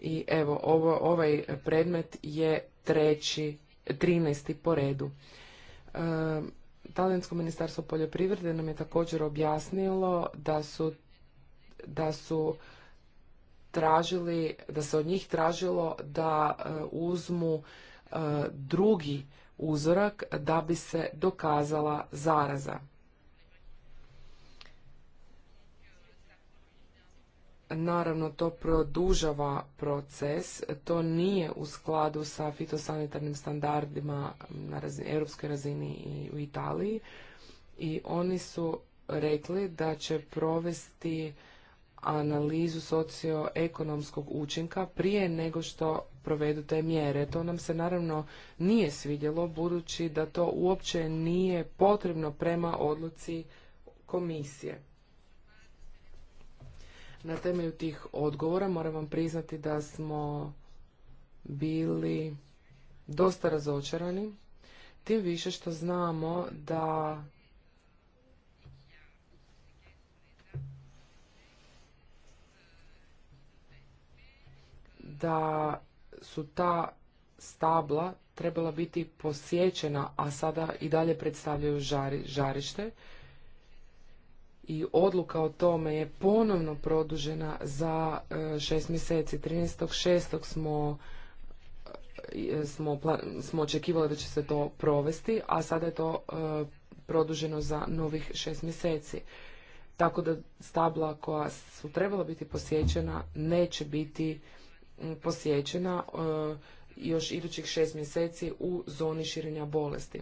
I evo, ovaj predmet je treći, 13. po redu. Talijansko ministarstvo poljoprivrede nam je također objasnilo da su, da su tražili, da se od njih tražilo da e, uzmu e, drugi uzorak da bi se dokazala zaraza. Naravno, to produžava proces, to nije u skladu sa fitosanitarnim standardima na razini, europskoj razini i u Italiji i oni su rekli da će provesti analizu socioekonomskog učinka prije nego što provedu te mjere. To nam se naravno nije svidjelo budući da to uopće nije potrebno prema odluci komisije. Na temelju tih odgovora moram vam priznati da smo bili dosta razočarani, tim više što znamo da da su ta stabla trebala biti posjećena, a sada i dalje predstavljaju žari, žarište i odluka o tome je ponovno produžena za e, šest mjeseci. 13.6. smo e, smo, smo očekivali da će se to provesti, a sada je to e, produženo za novih šest mjeseci. Tako da stabla koja su trebala biti posjećena neće biti posjećena još idućih šest mjeseci u zoni širenja bolesti.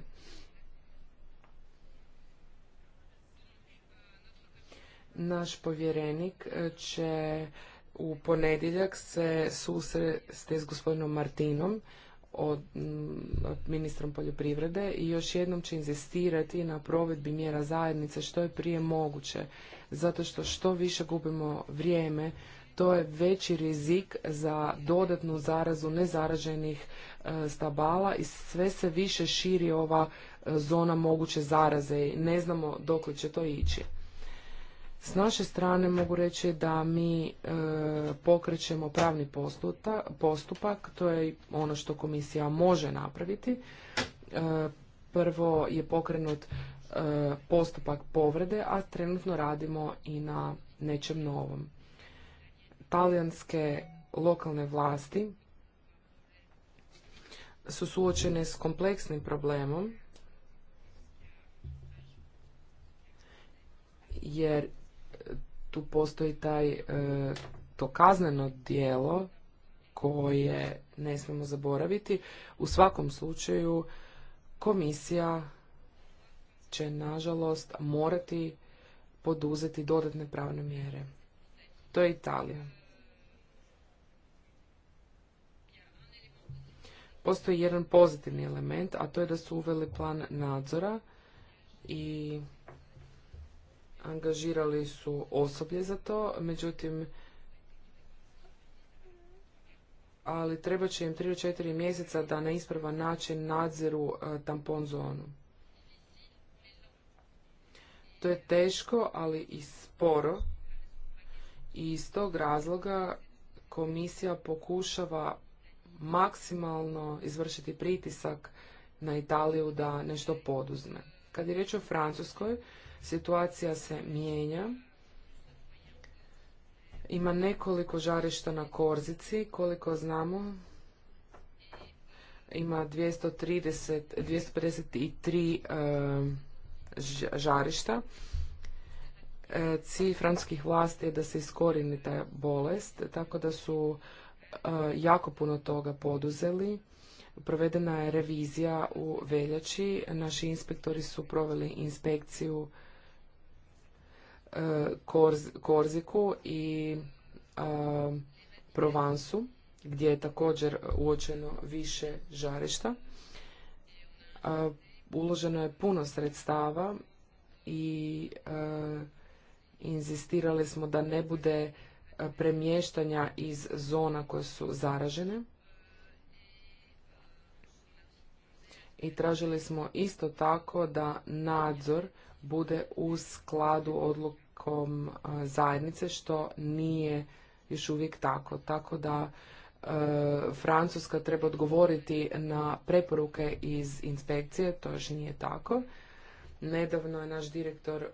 Naš povjerenik e, će u ponedjeljak se susresti s gospodinom Martinom, mm, od ministrom poljoprivrede i još jednom će inzistirati na provedbi mjera zajednice što je prije moguće. Zato što što više gubimo vrijeme, to je veći rizik za dodatnu zarazu nezaraženih e, stabala i sve se više širi ova e, zona moguće zaraze i ne znamo dokle će to ići. S naše strane mogu reći da mi e, pokrećemo pravni postupak, to je ono što komisija može napraviti. E, prvo je pokrenut e, postupak povrede, a trenutno radimo i na nečem novom. Talijanske lokalne vlasti su suočene s kompleksnim problemom jer tu postoji taj, e, to kazneno djelo koje ne smijemo zaboraviti. U svakom slučaju komisija će nažalost morati poduzeti dodatne pravne mjere. To je Italija. Postoji jedan pozitivni element, a to je da su uveli plan nadzora i angažirali su osoblje za to, međutim, ali treba će im 3 4 mjeseca da na ispravan način nadziru e, tampon zonu. To je teško, ali i sporo. I iz tog razloga komisija pokušava maksimalno izvršiti pritisak na Italiju da nešto poduzme. Kad je riječ o Francuskoj, situacija se mijenja. Ima nekoliko žarišta na Korzici, koliko znamo. Ima 230, 253 eh, žarišta. Eh, cilj francuskih vlasti je da se iskorini ta bolest, tako da su eh, jako puno toga poduzeli. Provedena je revizija u veljači. Naši inspektori su proveli inspekciju E, Korziku i e, Provansu gdje je također uočeno više žarišta. E, uloženo je puno sredstava i inzistirali smo da ne bude premještanja iz zona koje su zaražene. I tražili smo isto tako da nadzor bude u skladu odlukom e, zajednice što nije još uvijek tako. Tako da e, Francuska treba odgovoriti na preporuke iz inspekcije, to još nije tako. Nedavno je naš direktor e,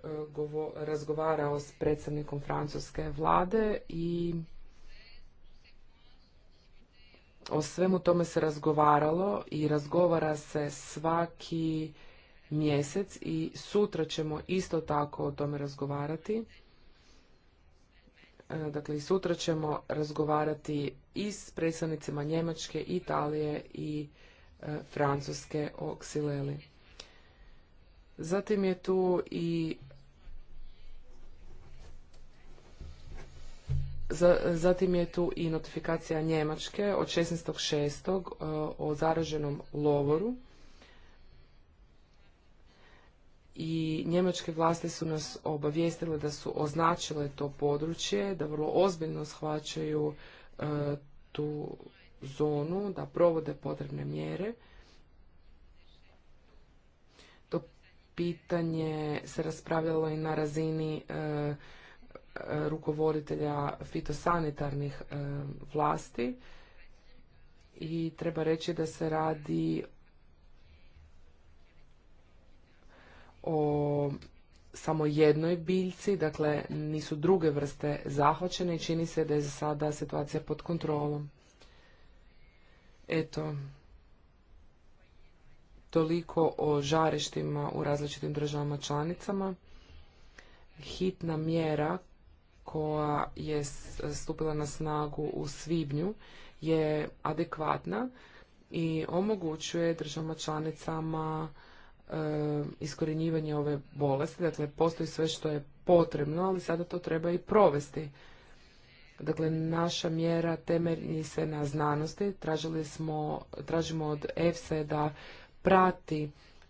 razgovarao s predstavnikom francuske vlade i o svemu tome se razgovaralo i razgovara se svaki mjesec i sutra ćemo isto tako o tome razgovarati. E, dakle, sutra ćemo razgovarati i s predstavnicima Njemačke, Italije i e, Francuske o Xileli. Zatim je tu i Zatim je tu i notifikacija Njemačke od 16.6. E, o zaraženom lovoru i njemačke vlasti su nas obavijestile da su označile to područje, da vrlo ozbiljno shvaćaju e, tu zonu, da provode potrebne mjere. To pitanje se raspravljalo i na razini e, rukovoditelja fitosanitarnih e, vlasti i treba reći da se radi o samo jednoj biljci, dakle nisu druge vrste zahvaćene i čini se da je za sada situacija pod kontrolom. Eto, toliko o žarištima u različitim državama članicama. Hitna mjera koja je stupila na snagu u svibnju je adekvatna i omogućuje državama članicama E, iskorjenjivanje ove bolesti. Dakle, postoji sve što je potrebno, ali sada to treba i provesti. Dakle, naša mjera temelji se na znanosti. smo, tražimo od EFSA da prati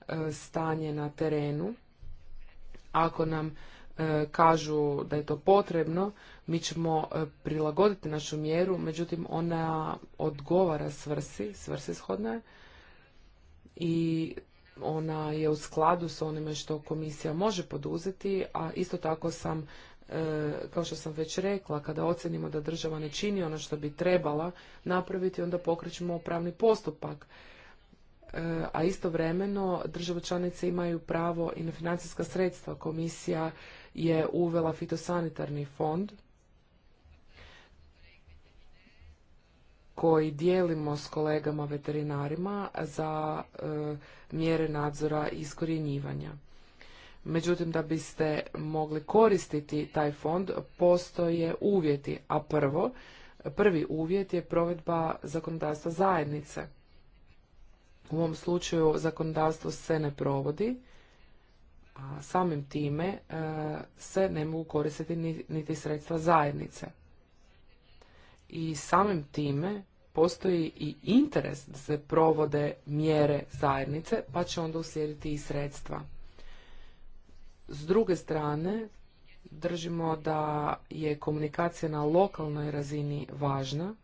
e, stanje na terenu. Ako nam e, kažu da je to potrebno, mi ćemo prilagoditi našu mjeru, međutim ona odgovara svrsi, svrsishodna je i ona je u skladu s onime što komisija može poduzeti, a isto tako sam, e, kao što sam već rekla, kada ocenimo da država ne čini ono što bi trebala napraviti, onda pokrećemo pravni postupak. E, a istovremeno države članice imaju pravo i na financijska sredstva. Komisija je uvela fitosanitarni fond koji dijelimo s kolegama veterinarima za e, mjere nadzora i iskorjenjivanja. Međutim, da biste mogli koristiti taj fond, postoje uvjeti, a prvo, prvi uvjet je provedba zakonodavstva zajednice. U ovom slučaju zakonodavstvo se ne provodi, a samim time e, se ne mogu koristiti niti sredstva zajednice i samim time postoji i interes da se provode mjere zajednice, pa će onda uslijediti i sredstva. S druge strane, držimo da je komunikacija na lokalnoj razini važna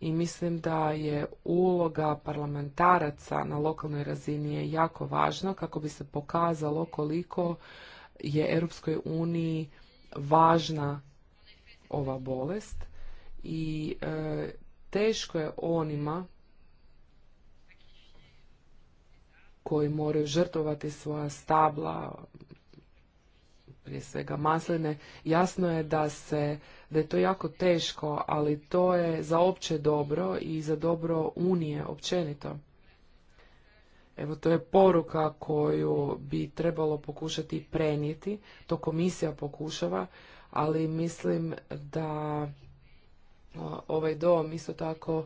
i mislim da je uloga parlamentaraca na lokalnoj razini je jako važna kako bi se pokazalo koliko je Europskoj uniji važna ova bolest i e, teško je onima koji moraju žrtovati svoja stabla, prije svega masline, jasno je da se da je to jako teško, ali to je za opće dobro i za dobro Unije općenito. Evo, to je poruka koju bi trebalo pokušati prenijeti, to komisija pokušava, ali mislim da ovaj dom isto tako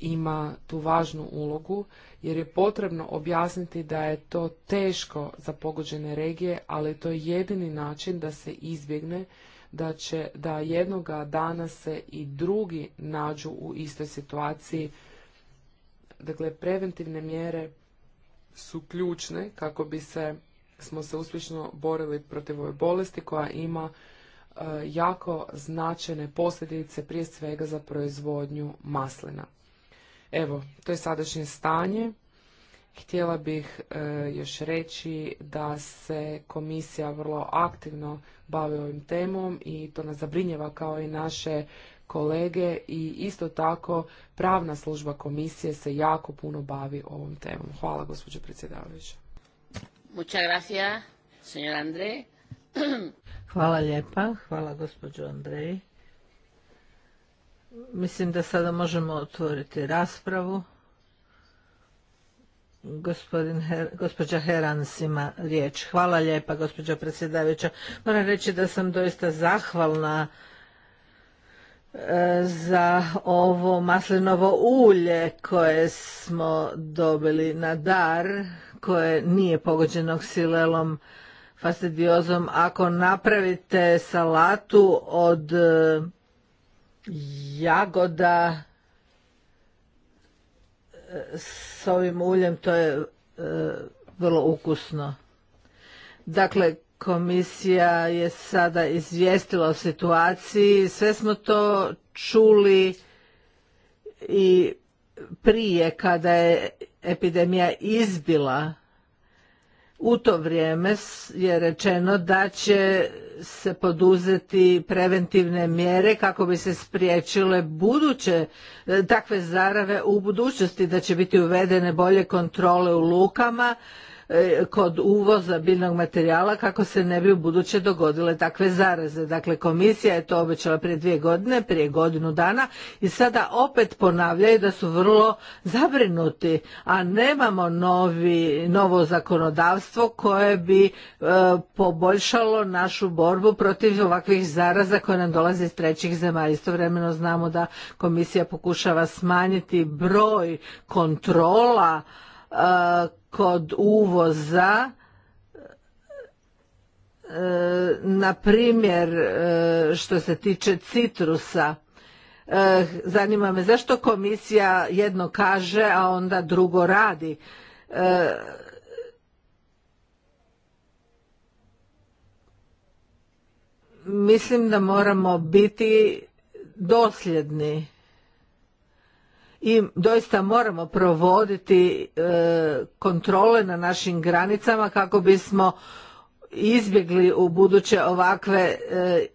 ima tu važnu ulogu jer je potrebno objasniti da je to teško za pogođene regije, ali to je jedini način da se izbjegne da će da jednoga dana se i drugi nađu u istoj situaciji. Dakle, preventivne mjere su ključne kako bi se smo se uspješno borili protiv ove bolesti koja ima E, jako značajne posljedice prije svega za proizvodnju maslina. Evo, to je sadašnje stanje. Htjela bih e, još reći da se komisija vrlo aktivno bavi ovim temom i to nas zabrinjeva kao i naše kolege i isto tako pravna služba komisije se jako puno bavi ovom temom. Hvala gospođo predsjedavajuća. Muchas gracias, señor André. Hvala lijepa, hvala gospođo Andreji. Mislim da sada možemo otvoriti raspravu. Gospodin gospođa Herans ima riječ. Hvala lijepa gospođo predsjedavajuća. Moram reći da sam doista zahvalna e, za ovo maslinovo ulje koje smo dobili na dar, koje nije pogođeno ksilelom fastidiozom ako napravite salatu od e, jagoda e, s ovim uljem to je e, vrlo ukusno. Dakle, komisija je sada izvijestila o situaciji, sve smo to čuli i prije kada je epidemija izbila u to vrijeme je rečeno da će se poduzeti preventivne mjere kako bi se spriječile buduće e, takve zarave u budućnosti da će biti uvedene bolje kontrole u lukama E, kod uvoza biljnog materijala kako se ne bi u buduće dogodile takve zaraze. Dakle, komisija je to obećala prije dvije godine, prije godinu dana i sada opet ponavljaju da su vrlo zabrinuti, a nemamo novo zakonodavstvo koje bi e, poboljšalo našu borbu protiv ovakvih zaraza koje nam dolaze iz trećih zemalja. Istovremeno znamo da komisija pokušava smanjiti broj kontrola kod uvoza na primjer što se tiče citrusa zanima me zašto komisija jedno kaže a onda drugo radi mislim da moramo biti dosljedni i doista moramo provoditi e, kontrole na našim granicama kako bismo izbjegli u buduće ovakve e,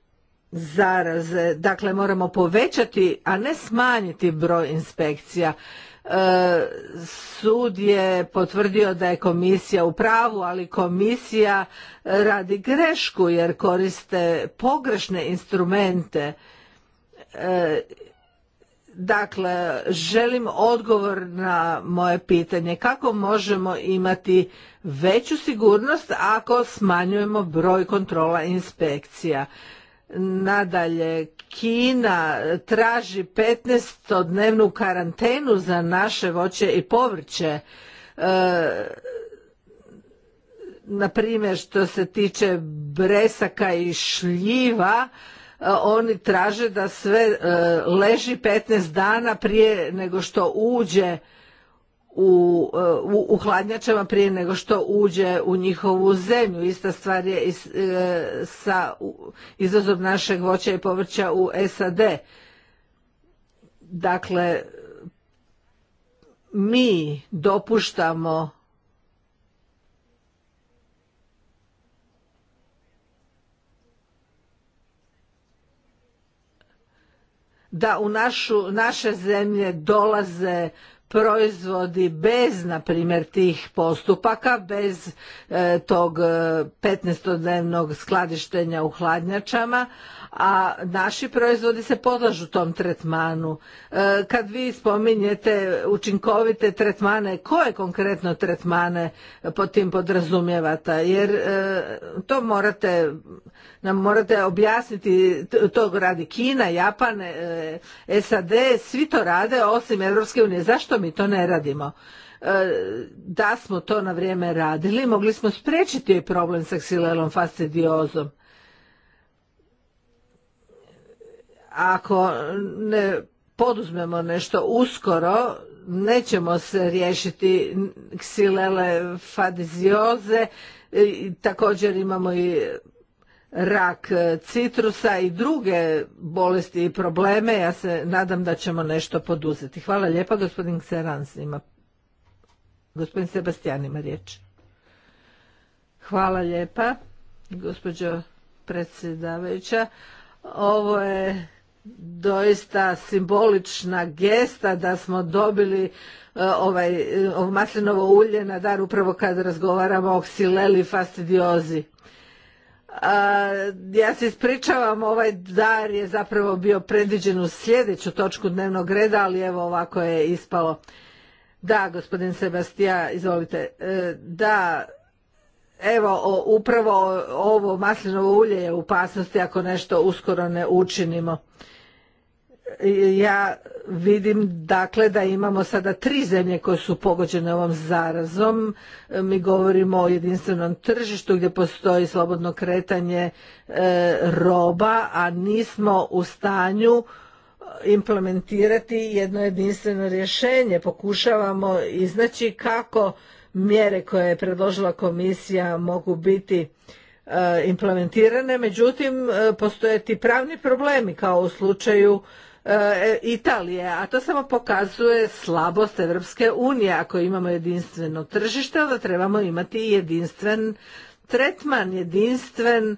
zaraze. Dakle, moramo povećati, a ne smanjiti broj inspekcija. E, sud je potvrdio da je komisija u pravu, ali komisija radi grešku jer koriste pogrešne instrumente. Dakle, želim odgovor na moje pitanje kako možemo imati veću sigurnost ako smanjujemo broj kontrola inspekcija. Nadalje, Kina traži 15-dnevnu karantenu za naše voće i povrće. E, na primjer, što se tiče bresaka i šljiva, E, oni traže da sve e, leži 15 dana prije nego što uđe e, u, u, hladnjačama prije nego što uđe u njihovu zemlju. Ista stvar je i sa izvozom našeg voća i povrća u SAD. Dakle, mi dopuštamo da u našu, naše zemlje dolaze proizvodi bez na primjer tih postupaka bez e, tog 15 e, dnevnog skladištenja u hladnjačama a naši proizvodi se podlažu tom tretmanu. E, kad vi spominjete učinkovite tretmane, koje konkretno tretmane pod tim podrazumijevate? Jer e, to morate, nam morate objasniti, to radi Kina, Japan, e, SAD, svi to rade osim Europske unije. Zašto mi to ne radimo? Da smo to na vrijeme radili, mogli smo spriječiti problem sa ksilelom fascidiozom ako ne poduzmemo nešto uskoro, nećemo se riješiti ksilele fadizioze, također imamo i rak citrusa i druge bolesti i probleme. Ja se nadam da ćemo nešto poduzeti. Hvala lijepa, gospodin Kserans ima. Gospodin Sebastian ima riječ. Hvala lijepa, gospođo predsjedavajuća. Ovo je doista simbolična gesta da smo dobili e, ovaj, e, ovo maslinovo ulje na dar upravo kad razgovaramo o ksileli fastidiozi. ja se ispričavam, ovaj dar je zapravo bio predviđen u sljedeću točku dnevnog reda, ali evo ovako je ispalo. Da, gospodin Sebastija, izvolite. E, da, Evo, upravo ovo maslinovo ulje je u opasnosti ako nešto uskoro ne učinimo. Ja vidim dakle da imamo sada tri zemlje koje su pogođene ovom zarazom. Mi govorimo o jedinstvenom tržištu gdje postoji slobodno kretanje e, roba, a nismo u stanju e, implementirati jedno jedinstveno rješenje. Pokušavamo iznaći kako mjere koje je predložila komisija mogu biti e, implementirane, međutim e, postoje ti pravni problemi kao u slučaju e, Italije, a to samo pokazuje slabost Europske unije. Ako imamo jedinstveno tržište, onda trebamo imati jedinstven tretman, jedinstven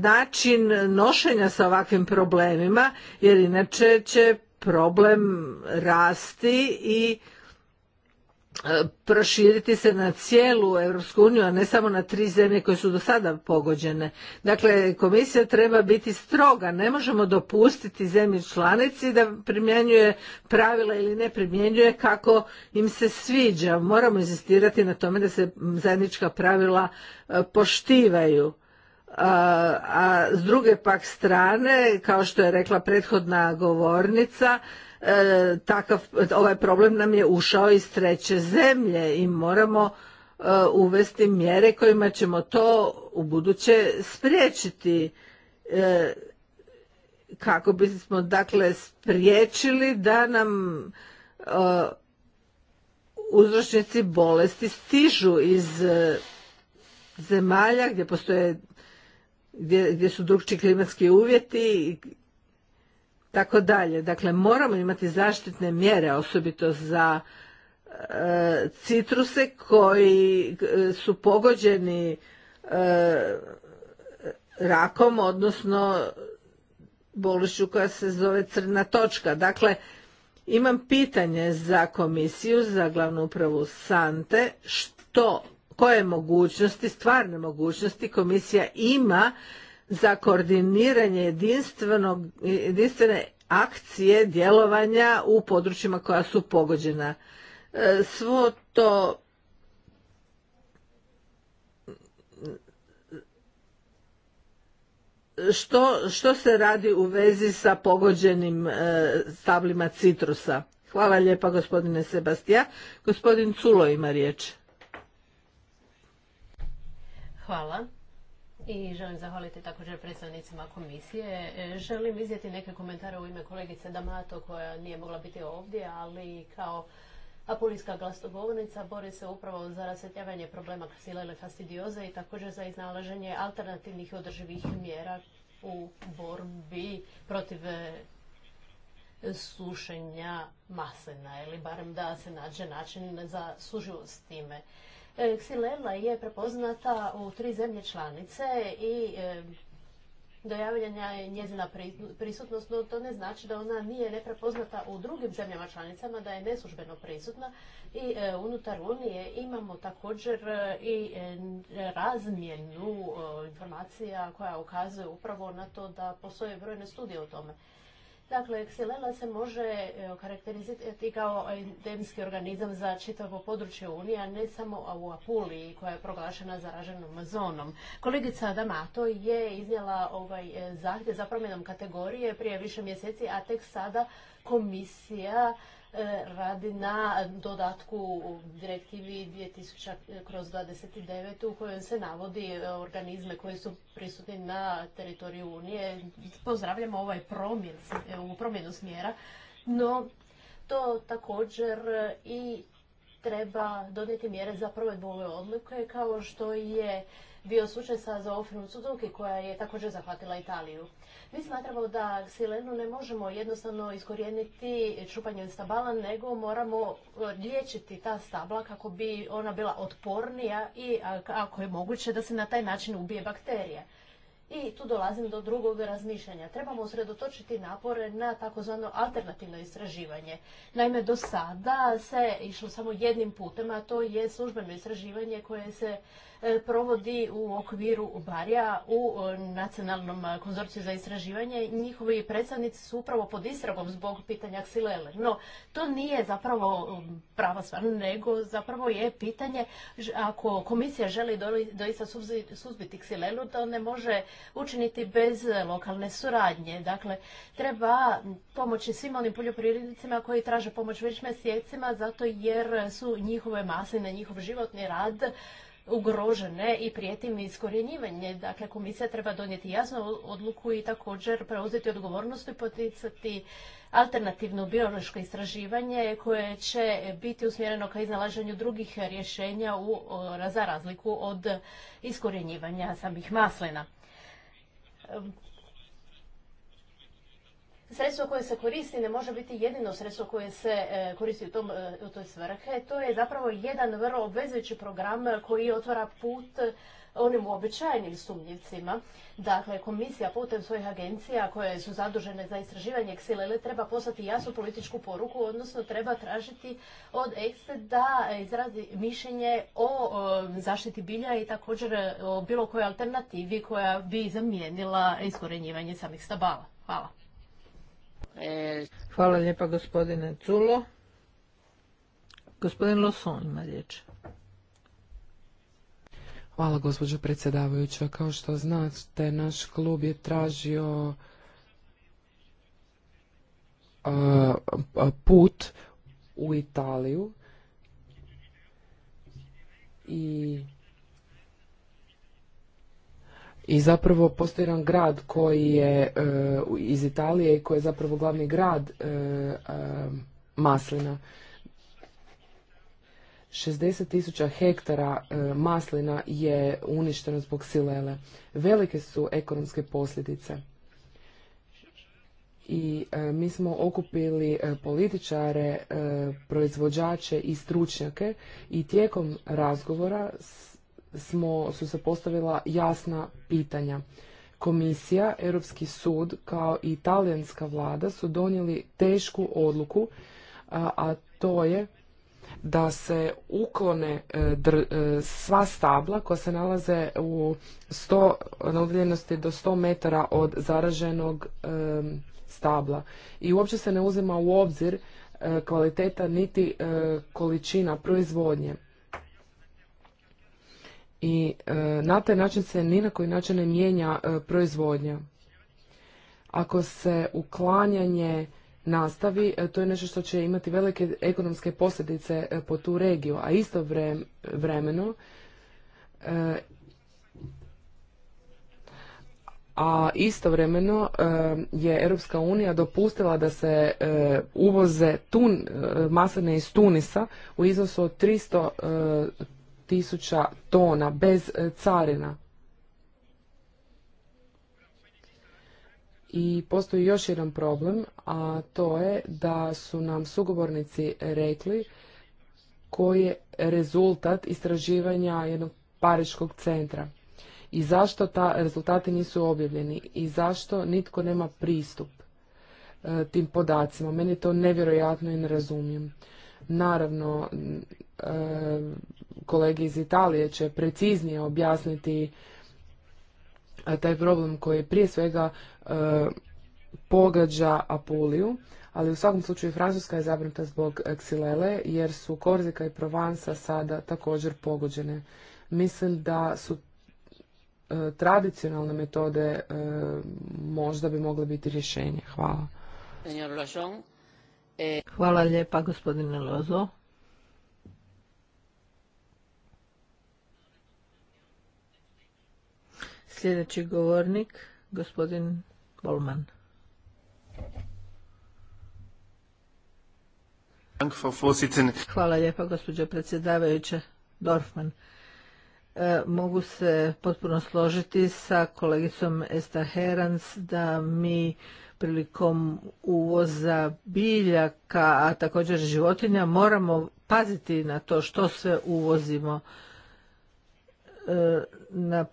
način nošenja sa ovakvim problemima, jer inače će problem rasti i E, proširiti se na cijelu Europsku uniju, a ne samo na tri zemlje koje su do sada pogođene. Dakle, komisija treba biti stroga, ne možemo dopustiti zemlji članici da primjenjuje pravila ili ne primjenjuje kako im se sviđa. Moramo insistirati na tome da se zajednička pravila e, poštivaju. E, a s druge pak strane, kao što je rekla prethodna govornica, takav, ovaj problem nam je ušao iz treće zemlje i moramo e, uvesti mjere kojima ćemo to u buduće spriječiti e, kako bismo dakle spriječili da nam e, uzročnici bolesti stižu iz zemalja gdje postoje gdje, su drukčiji klimatski uvjeti tako dalje. Dakle, moramo imati zaštitne mjere, osobito za e, citruse koji e, su pogođeni e, rakom, odnosno bolešću koja se zove crna točka. Dakle, imam pitanje za komisiju, za glavnu upravu Sante, što koje mogućnosti, stvarne mogućnosti komisija ima za koordiniranje jedinstvene akcije djelovanja u područjima koja su pogođena. E, svo to Što, što se radi u vezi sa pogođenim e, stablima citrusa? Hvala lijepa gospodine Sebastija. Gospodin Culo ima riječ. Hvala. I želim zahvaliti također predstavnicima komisije. E, želim izjeti neke komentare u ime kolegice Damato koja nije mogla biti ovdje, ali kao apulijska glasnogovornica bori se upravo za rasvjetljavanje problema ksilele fastidioze i također za iznalaženje alternativnih održivih mjera u borbi protiv e, sušenja maslina ili barem da se nađe način za suživost s time. E, Xylella je prepoznata u tri zemlje članice i e, dojavljena je njezina prisutnost, no to ne znači da ona nije neprepoznata u drugim zemljama članicama, da je neslužbeno prisutna i e, unutar Unije imamo također i razmjenu informacija koja ukazuje upravo na to da postoje brojne studije o tome. Dakle, se može e, karakterizirati kao endemski organizam za čitavo područje Unije, a ne samo u Apuliji koja je proglašena zaraženom zonom. Kolegica Damato je iznijela ovaj e, zahtjev za promjenom kategorije prije više mjeseci, a tek sada komisija E, radi na dodatku direktivi 2000 kroz 29 u kojem se navodi e, organizme koji su prisutni na teritoriju Unije. Pozdravljamo ovaj promjen, e, ovu promjenu smjera, no to također i treba donijeti mjere za provedbu ove odluke kao što je bio slučaj sa Zoofinu Suzuki koja je također zahvatila Italiju. Mi smatramo da silenu ne možemo jednostavno iskorijeniti čupanjem stabala, nego moramo e, liječiti ta stabla kako bi ona bila otpornija i ako je moguće da se na taj način ubije bakterije. I tu dolazim do drugog razmišljanja. Trebamo usredotočiti napore na takozvano alternativno istraživanje. Naime, do sada se išlo samo jednim putem, a to je službeno istraživanje koje se E, provodi u okviru Barija u e, Nacionalnom konzorciju za istraživanje. Njihovi predstavnici su upravo pod istragom zbog pitanja ksilele. No, to nije zapravo e, prava stvar, nego zapravo je pitanje ako komisija želi doista suzbiti ksilelu, to ne može učiniti bez lokalne suradnje. Dakle, treba pomoći svim onim poljoprivrednicima koji traže pomoć već mjesecima zato jer su njihove masline, njihov životni rad ugrožene i prijeti im iskorjenjivanje. Dakle, komisija treba donijeti jasnu odluku i također preuzeti odgovornost i poticati alternativno biološko istraživanje koje će biti usmjereno ka iznalaženju drugih rješenja u, za razliku od iskorjenjivanja samih maslina sredstvo koje se koristi ne može biti jedino sredstvo koje se e, koristi u, tom, e, toj svrhe. To je zapravo jedan vrlo obvezujući program e, koji otvara put onim uobičajenim sumnjivcima. Dakle, komisija putem svojih agencija koje su zadužene za istraživanje ksilele treba poslati jasnu političku poruku, odnosno treba tražiti od EXE da izrazi mišljenje o, zaštiti bilja i također o bilo kojoj alternativi koja bi zamijenila iskorenjivanje samih stabala. Hvala. Hvala lijepa gospodine Culo. Gospodin Loson ima riječ. Hvala gospođo predsjedavajuća. Kao što znate, naš klub je tražio put u Italiju i i zapravo postoji jedan grad koji je e, iz Italije i koji je zapravo glavni grad e, e, maslina. 60 tisuća hektara maslina je uništeno zbog silele. Velike su ekonomske posljedice. I mi smo okupili političare, proizvođače i stručnjake i tijekom razgovora s smo, su se postavila jasna pitanja. Komisija, Europski sud kao i talijanska vlada su donijeli tešku odluku, a, to je da se uklone e, e, sva stabla koja se nalaze u 100, na udaljenosti do 100 metara od zaraženog e, stabla. I uopće se ne uzima u obzir kvaliteta niti količina proizvodnje i e, na taj način se ni na koji način ne mijenja e, proizvodnja. Ako se uklanjanje nastavi, e, to je nešto što će imati velike ekonomske posljedice po tu regiju, a isto vremeno a istovremeno je Europska unija dopustila da se uvoze tun, masline iz Tunisa u iznosu od 300 tisuća tona bez e, carina. I postoji još jedan problem, a to je da su nam sugovornici rekli koji je rezultat istraživanja jednog pariškog centra i zašto ta rezultati nisu objavljeni i zašto nitko nema pristup e, tim podacima. Meni je to nevjerojatno i ne razumijem. Naravno, e, kolege iz Italije će preciznije objasniti e, taj problem koji prije svega e, pogađa Apuliju, ali u svakom slučaju Francuska je zabrinuta zbog Xilele jer su Korzika i Provansa sada također pogođene. Mislim da su tradicionalne metode možda bi mogle biti rješenje. Hvala. Hvala lijepa gospodine Lozo. Sljedeći govornik, gospodin Bolman. Hvala lijepa gospođo predsjedavajuća Dorfman. E, mogu se potpuno složiti sa kolegicom Esta Herans da mi prilikom uvoza biljaka, a također životinja, moramo paziti na to što sve uvozimo. E, na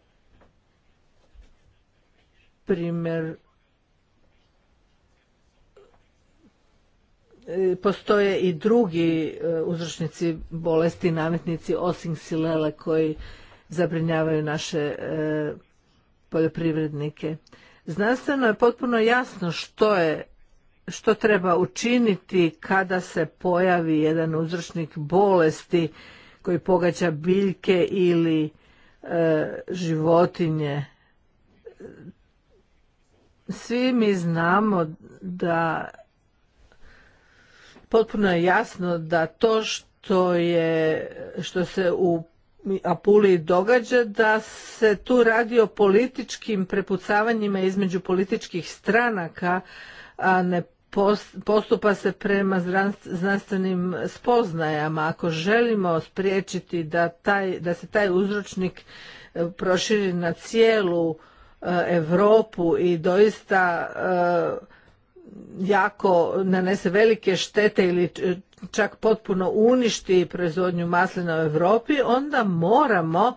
primjer, e, postoje i drugi e, uzročnici bolesti, nametnici osim silele koji zabrinjavaju naše poljoprivrednike. Znanstveno je potpuno jasno što je što treba učiniti kada se pojavi jedan uzročnik bolesti koji pogađa biljke ili e, životinje. Svi mi znamo da potpuno je jasno da to što je što se u Apuliji događa da se tu radi o političkim prepucavanjima između političkih stranaka, a ne postupa se prema znanstvenim spoznajama. Ako želimo spriječiti da, taj, da se taj uzročnik e, proširi na cijelu e, Europu i doista e, jako nanese velike štete ili čak potpuno uništi proizvodnju maslina u Europi, onda moramo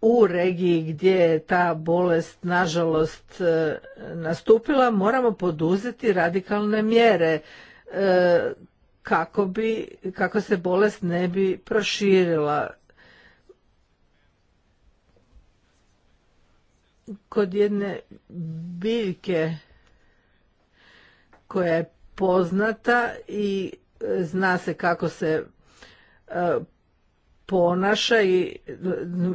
u regiji gdje je ta bolest nažalost e, nastupila, moramo poduzeti radikalne mjere e, kako, bi, kako se bolest ne bi proširila. Kod jedne biljke koja je poznata i zna se kako se e, ponaša i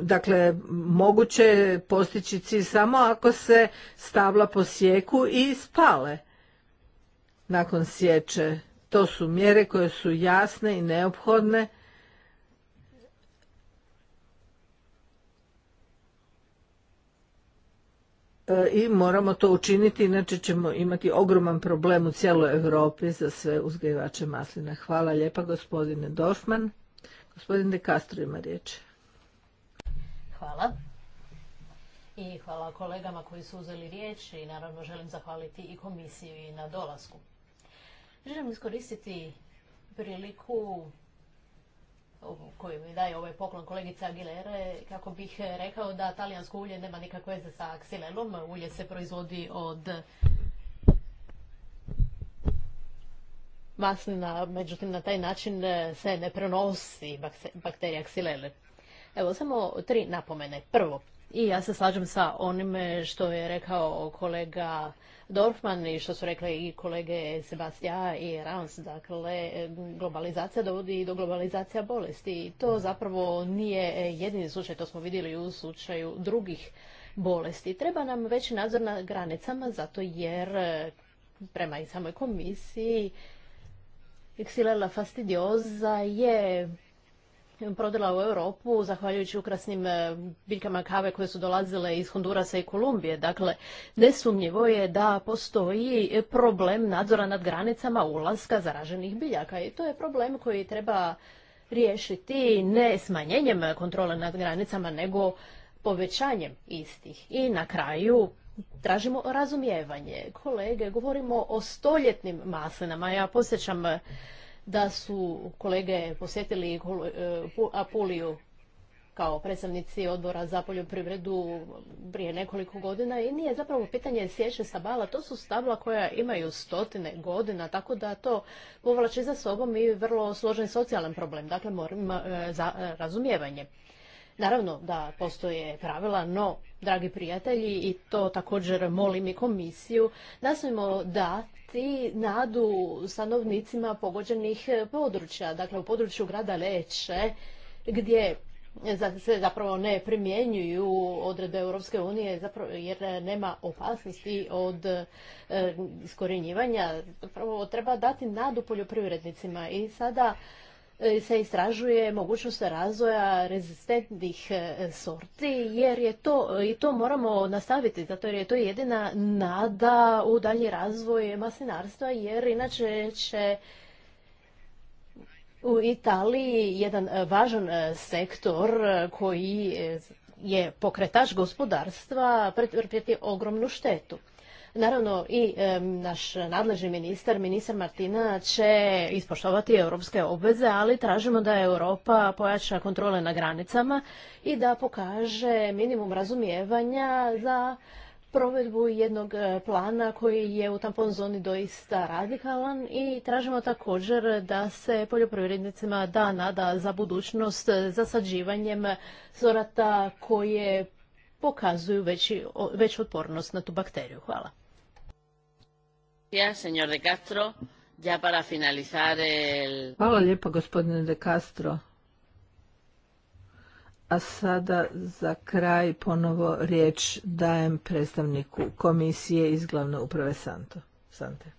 dakle moguće je postići cilj samo ako se stavla po sjeku i spale nakon sječe. To su mjere koje su jasne i neophodne E, i moramo to učiniti, inače ćemo imati ogroman problem u cijeloj Europi za sve uzgajivače maslina. Hvala lijepa gospodine Dorfman. Gospodin De Castro ima riječ. Hvala. I hvala kolegama koji su uzeli riječ i naravno želim zahvaliti i komisiju i na dolasku. Želim iskoristiti priliku koji mi daje ovaj poklon kolegica Aguilera kako bih rekao da talijansko ulje nema nikakve veze sa aksilelom. Ulje se proizvodi od maslina, međutim na taj način eh, se ne prenosi bakterija aksilele. Evo samo tri napomene. Prvo, i ja se slažem sa onime što je rekao kolega Dorfman i što su rekle i kolege Sebastija i Rans. Dakle, globalizacija dovodi i do globalizacija bolesti. I to zapravo nije jedini slučaj, to smo vidjeli u slučaju drugih bolesti. Treba nam veći nadzor na granicama, zato jer prema i samoj komisiji Xylella fastidiosa je prodrla u Europu zahvaljujući ukrasnim e, biljkama kave koje su dolazile iz Hondurasa i Kolumbije. Dakle, nesumnjivo je da postoji problem nadzora nad granicama ulaska zaraženih biljaka i to je problem koji treba riješiti ne smanjenjem kontrole nad granicama, nego povećanjem istih. I na kraju tražimo razumijevanje. Kolege, govorimo o stoljetnim maslinama. Ja posjećam da su kolege posjetili e, Apuliju kao predstavnici odbora za poljoprivredu prije nekoliko godina i nije zapravo pitanje sječe stabala, to su stabla koja imaju stotine godina, tako da to povlači za sobom i vrlo složen socijalan problem, dakle moram e, za e, razumijevanje. Naravno da postoje pravila, no, dragi prijatelji, i to također molim i komisiju, nastavimo da i nadu stanovnicima pogođenih područja. Dakle, u području grada Leće, gdje se zapravo ne primjenjuju odredbe Europske unije jer nema opasnosti od e, iskorjenjivanja. Zapravo treba dati nadu poljoprivrednicima i sada E, se istražuje mogućnost razvoja rezistentnih e, sorti jer je to e, i to moramo nastaviti zato jer je to jedina nada u dalji razvoj masinarstva. jer inače će u Italiji jedan važan sektor koji je pokretač gospodarstva pretrpjeti ogromnu štetu. Naravno i naš nadležni ministar, ministar Martina, će ispoštovati europske obveze, ali tražimo da Europa pojača kontrole na granicama i da pokaže minimum razumijevanja za provedbu jednog e, plana koji je u tampon zoni doista radikalan i tražimo također da se poljoprivrednicima da nada za budućnost zasađivanjem sorata koje pokazuju veći, veću otpornost na tu bakteriju. Hvala. Señor de Castro, ya para finalizar el... Hvala lijepo, gospodine de Castro. A sada za kraj ponovo riječ dajem predstavniku komisije iz glavne uprave Santo. Sante.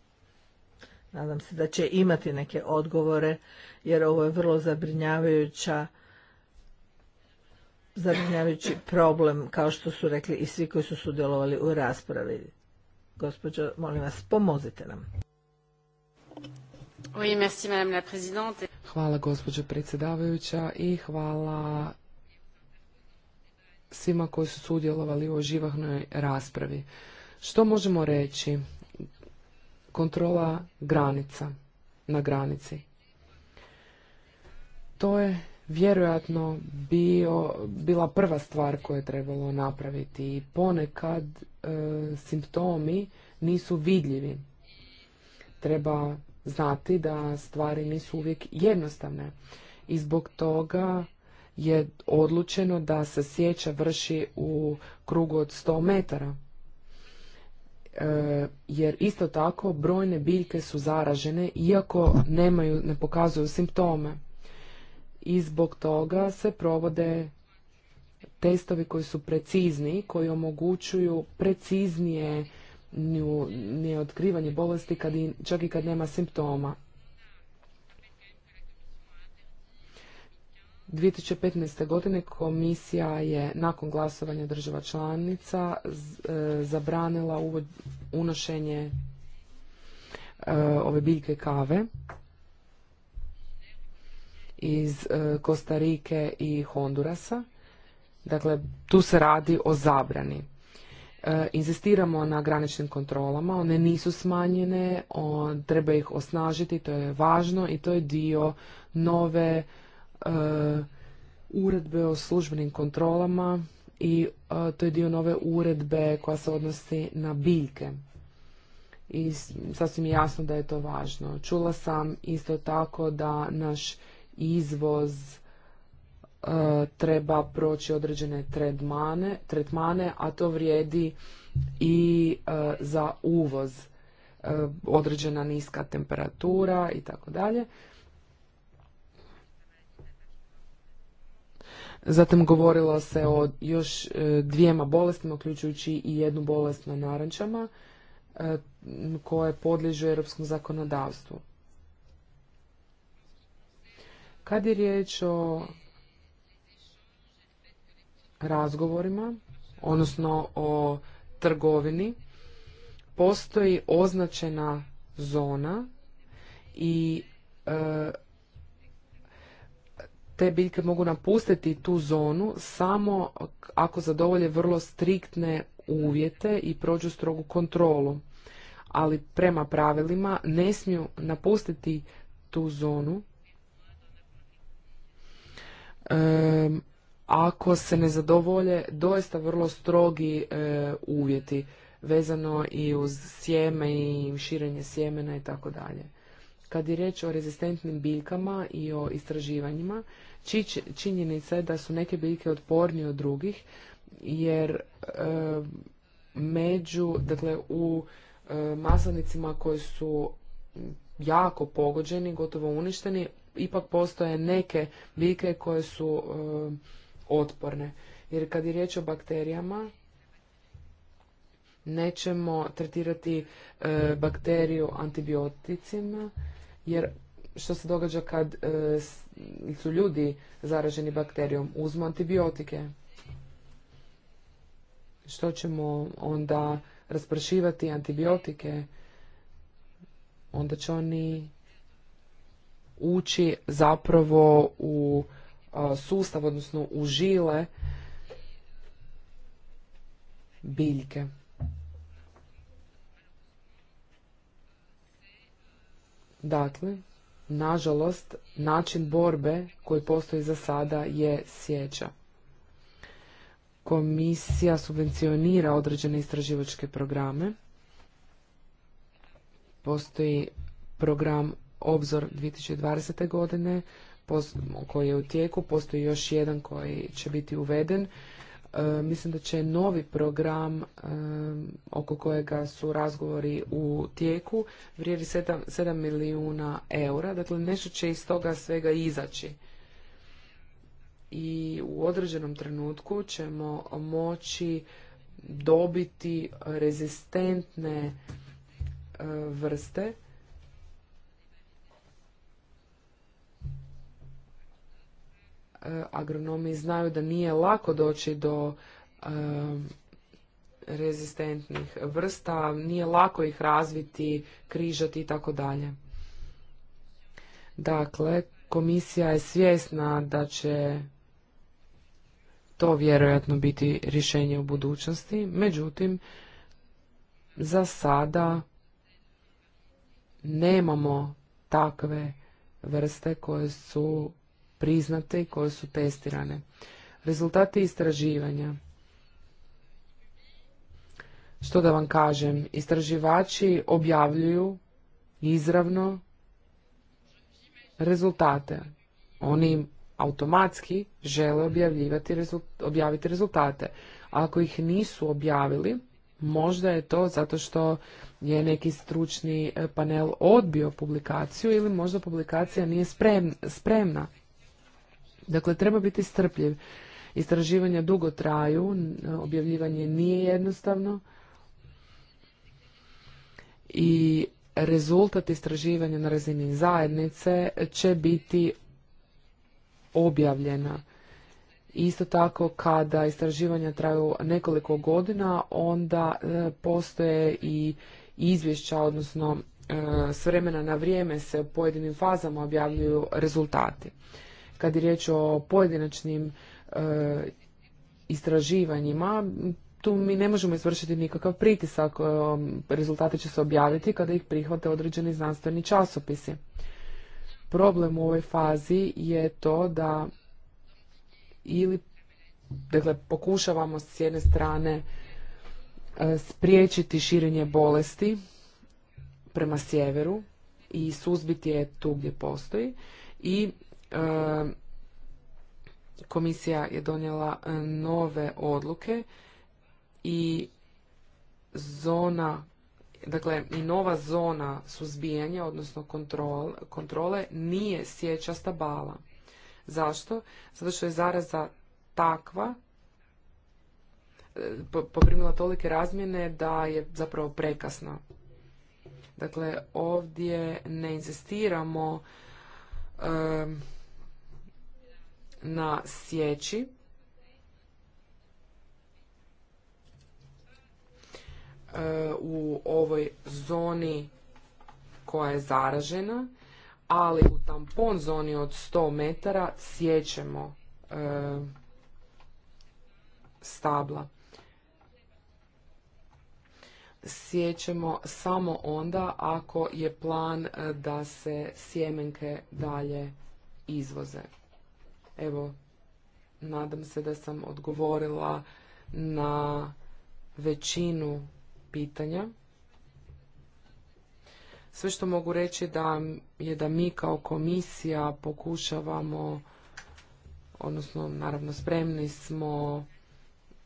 Nadam se da će imati neke odgovore jer ovo je vrlo zabrinjavajuća zabrinjavajući problem kao što su rekli i svi koji su sudjelovali u raspravi. Gospođo, molim vas, pomozite nam. Hvala gospođo predsjedavajuća i hvala svima koji su sudjelovali u živahnoj raspravi. Što možemo reći? Kontrola granica na granici. To je vjerojatno bio, bila prva stvar koju je trebalo napraviti i ponekad e, simptomi nisu vidljivi. Treba znati da stvari nisu uvijek jednostavne i zbog toga je odlučeno da se sjeća vrši u krugu od 100 metara. E, jer isto tako brojne biljke su zaražene iako nemaju, ne pokazuju simptome i zbog toga se provode testovi koji su precizni, koji omogućuju preciznije neotkrivanje bolesti kad i, čak i kad nema simptoma. 2015. godine komisija je nakon glasovanja država članica e, zabranila unošenje e, ove biljke kave iz Kostarike e, i Hondurasa. Dakle, tu se radi o zabrani. E, inzistiramo na graničnim kontrolama, one nisu smanjene, treba ih osnažiti, to je važno i to je dio nove e, uredbe o službenim kontrolama i to je dio nove uredbe koja se odnosi na biljke. I sasvim jasno da je to važno. Čula sam isto tako da naš izvoz e, treba proći određene tretmane, tretmane a to vrijedi i e, za uvoz e, određena niska temperatura i tako dalje. Zatim govorilo se o još dvijema bolestima, uključujući i jednu bolest na narančama, koje podliježu europskom zakonodavstvu. Kad je riječ o razgovorima, odnosno o trgovini, postoji označena zona i e, te biljke mogu napustiti tu zonu samo ako zadovolje vrlo striktne uvjete i prođu strogu kontrolu. Ali prema pravilima ne smiju napustiti tu zonu ako se ne zadovolje doista vrlo strogi eh, uvjeti vezano i uz sjeme i širenje sjemena i tako dalje. Kad je riječ o rezistentnim biljkama i o istraživanjima, činjenica je da su neke biljke otpornije od drugih, jer među, dakle u maslanicima koji su jako pogođeni, gotovo uništeni, ipak postoje neke bike koje su e, otporne. Jer kad je riječ o bakterijama, nećemo tretirati e, bakteriju antibioticima, jer što se događa kad e, su ljudi zaraženi bakterijom? Uzmu antibiotike. Što ćemo onda raspršivati antibiotike? Onda će oni ući zapravo u sustav, odnosno u žile biljke. Dakle, nažalost, način borbe koji postoji za sada je sjeća. Komisija subvencionira određene istraživačke programe. Postoji program obzor 2020. godine koji je u tijeku, postoji još jedan koji će biti uveden. E, mislim da će novi program e, oko kojega su razgovori u tijeku vrijedi 7, milijuna eura, dakle nešto će iz toga svega izaći. I u određenom trenutku ćemo moći dobiti rezistentne e, vrste Eh, agronomi znaju da nije lako doći do eh, rezistentnih vrsta, nije lako ih razviti, križati i tako dalje. Dakle, komisija je svjesna da će to vjerojatno biti rješenje u budućnosti, međutim, za sada nemamo takve vrste koje su priznate i koje su testirane. Rezultati istraživanja. Što da vam kažem, istraživači objavljuju izravno rezultate. Oni automatski žele objavljivati objaviti rezultate. Ako ih nisu objavili, možda je to zato što je neki stručni e, panel odbio publikaciju ili možda publikacija nije spremna. Dakle, treba biti strpljiv. Istraživanja dugo traju, objavljivanje nije jednostavno i rezultat istraživanja na razini zajednice će biti objavljena. Isto tako kada istraživanja traju nekoliko godina, onda e, postoje i izvješća, odnosno e, s vremena na vrijeme se u pojedinim fazama objavljuju rezultati. Kad je riječ o pojedinačnim e, istraživanjima, tu mi ne možemo izvršiti nikakav pritisak. E, rezultati će se objaviti kada ih prihvate određeni znanstveni časopisi. Problem u ovoj fazi je to da ili dakle, pokušavamo s jedne strane e, spriječiti širenje bolesti prema sjeveru i suzbiti je tu gdje postoji i E, komisija je donijela e, nove odluke i zona dakle i nova zona suzbijanja odnosno kontrole nije sjeća stabala. Zašto? Zato što je zaraza takva e, poprimila tolike razmjene da je zapravo prekasna. Dakle, ovdje ne inzistiramo na sjeći. E, u ovoj zoni koja je zaražena, ali u tampon zoni od 100 metara sjećemo e, stabla. Sjećemo samo onda ako je plan e, da se sjemenke dalje izvoze. Evo, nadam se da sam odgovorila na većinu pitanja. Sve što mogu reći da je da mi kao komisija pokušavamo, odnosno naravno spremni smo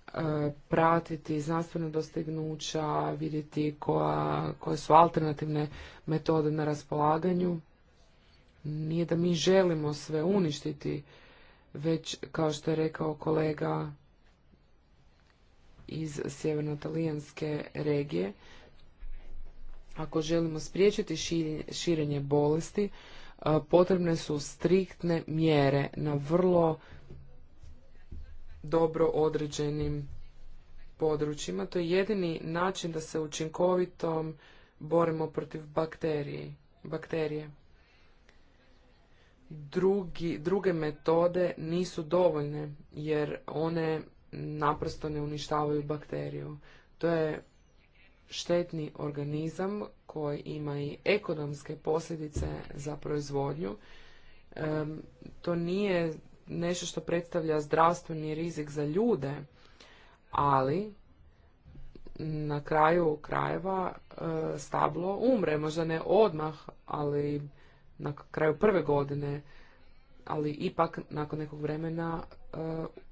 e, pratiti znanstvena dostignuća, vidjeti koja, koje su alternativne metode na raspolaganju. Nije da mi želimo sve uništiti, već kao što je rekao kolega iz sjeverno-talijanske regije, ako želimo spriječiti širenje bolesti, potrebne su striktne mjere na vrlo dobro određenim područjima. To je jedini način da se učinkovitom borimo protiv bakterije. bakterije drugi, druge metode nisu dovoljne jer one naprosto ne uništavaju bakteriju. To je štetni organizam koji ima i ekonomske posljedice za proizvodnju. to nije nešto što predstavlja zdravstveni rizik za ljude, ali na kraju krajeva e, stablo umre, možda ne odmah, ali na kraju prve godine, ali ipak nakon nekog vremena e,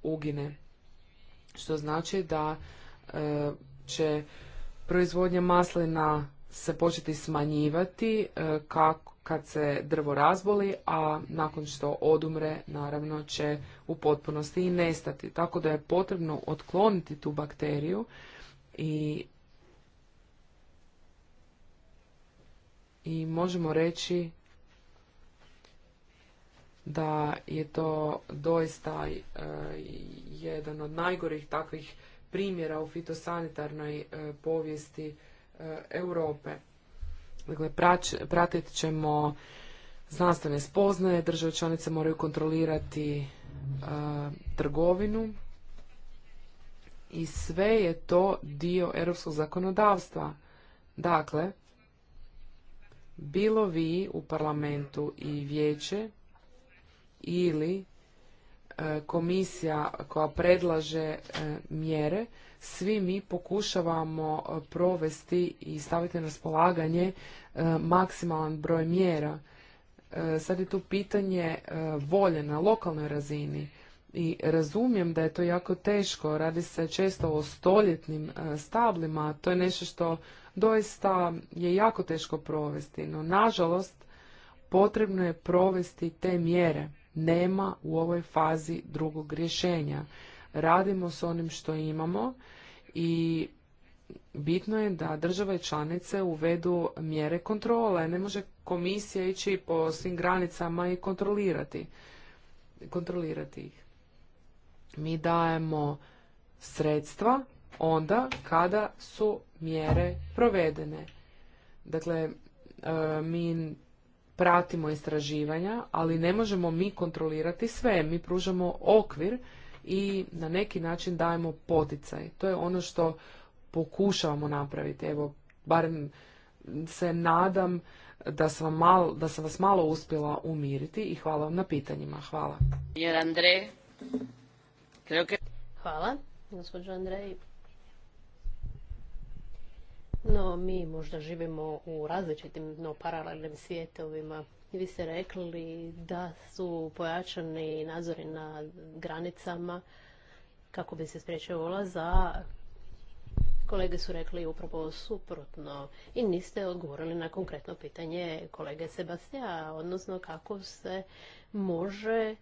ugine. Što znači da e, će proizvodnja maslina se početi smanjivati e, kako, kad se drvo razboli, a nakon što odumre, naravno će u potpunosti i nestati. Tako da je potrebno otkloniti tu bakteriju i i možemo reći da je to doista e, jedan od najgorih takvih primjera u fitosanitarnoj e, povijesti e, Europe. Dakle, pratit ćemo znanstvene spoznaje, države članice moraju kontrolirati trgovinu i sve je to dio europskog zakonodavstva. Dakle, bilo vi u parlamentu i vijeće ili e, komisija koja predlaže e, mjere, svi mi pokušavamo e, provesti i staviti na raspolaganje maksimalan broj mjera. Sad je tu pitanje volje na lokalnoj razini i razumijem da je to jako teško, radi se često o stoljetnim stablima, to je nešto što doista je jako teško provesti, no nažalost potrebno je provesti te mjere nema u ovoj fazi drugog rješenja. Radimo s onim što imamo i bitno je da države članice uvedu mjere kontrole. Ne može komisija ići po svim granicama i kontrolirati, kontrolirati ih. Mi dajemo sredstva onda kada su mjere provedene. Dakle, e, mi pratimo istraživanja, ali ne možemo mi kontrolirati sve. Mi pružamo okvir i na neki način dajemo poticaj. To je ono što pokušavamo napraviti. Evo, barem se nadam da sam, malo, da sam vas malo uspjela umiriti i hvala vam na pitanjima. Hvala. Hvala, gospođo Andrej. No, mi možda živimo u različitim, no paralelnim svijetovima. Vi ste rekli da su pojačani nadzori na granicama kako bi se spriječio ulaz, a kolege su rekli upravo suprotno i niste odgovorili na konkretno pitanje kolege Sebastija, odnosno kako se može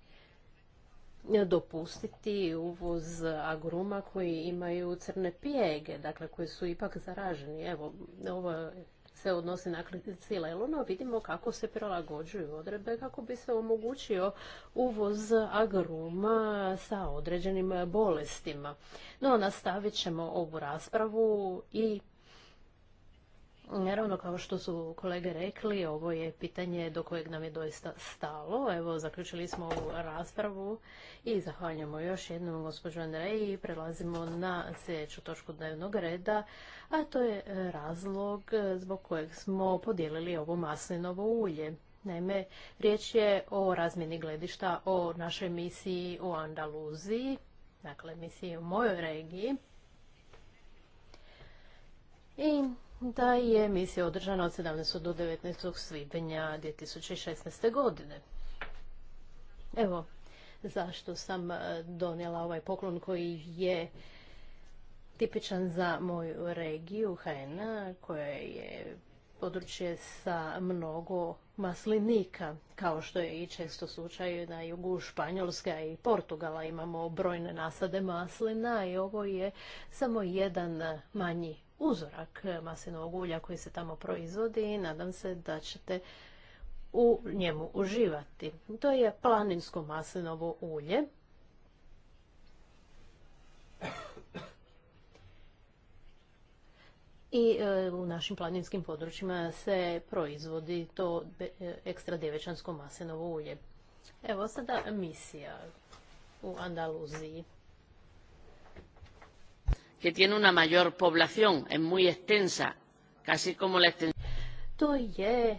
dopustiti uvoz agruma koji imaju crne pijege, dakle koji su ipak zaraženi. Evo, ovo se odnosi na ksilelu, vidimo kako se prilagođuju odrebe kako bi se omogućio uvoz agruma sa određenim bolestima. No, nastavit ćemo ovu raspravu i Naravno, kao što su kolege rekli, ovo je pitanje do kojeg nam je doista stalo. Evo, zaključili smo ovu raspravu i zahvaljujemo još jednom gospođu Andreji i prelazimo na sljedeću točku dnevnog reda, a to je razlog zbog kojeg smo podijelili ovo maslinovo ulje. Naime, riječ je o razmjeni gledišta o našoj misiji u Andaluziji, dakle misiji u mojoj regiji. I da je emisija održana od 17. do 19. svibnja 2016. godine. Evo, zašto sam e, donijela ovaj poklon koji je tipičan za moju regiju hin koja je područje sa mnogo maslinika, kao što je i često slučaj na jugu Španjolska i Portugala imamo brojne nasade maslina i ovo je samo jedan manji uzorak maslinovog ulja koji se tamo proizvodi i nadam se da ćete u njemu uživati. To je planinsko maslinovo ulje. I e, u našim planinskim područjima se proizvodi to e, ekstra djevičansko maslinovo ulje. Evo sada misija u Andaluziji que tiene una mayor población, es muy extensa, casi como To je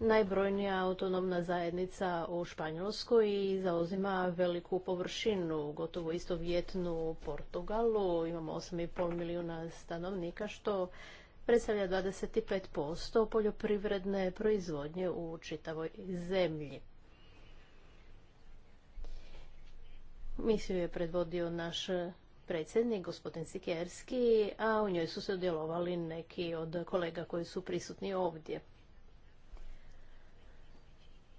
najbrojnija autonomna zajednica u Španjolskoj i zauzima veliku površinu, gotovo isto vjetnu u Portugalu, imamo 8,5 milijuna stanovnika, što predstavlja 25% poljoprivredne proizvodnje u čitavoj zemlji. Misiju je predvodio naš predsjednik, gospodin Sikerski, a u njoj su se neki od kolega koji su prisutni ovdje.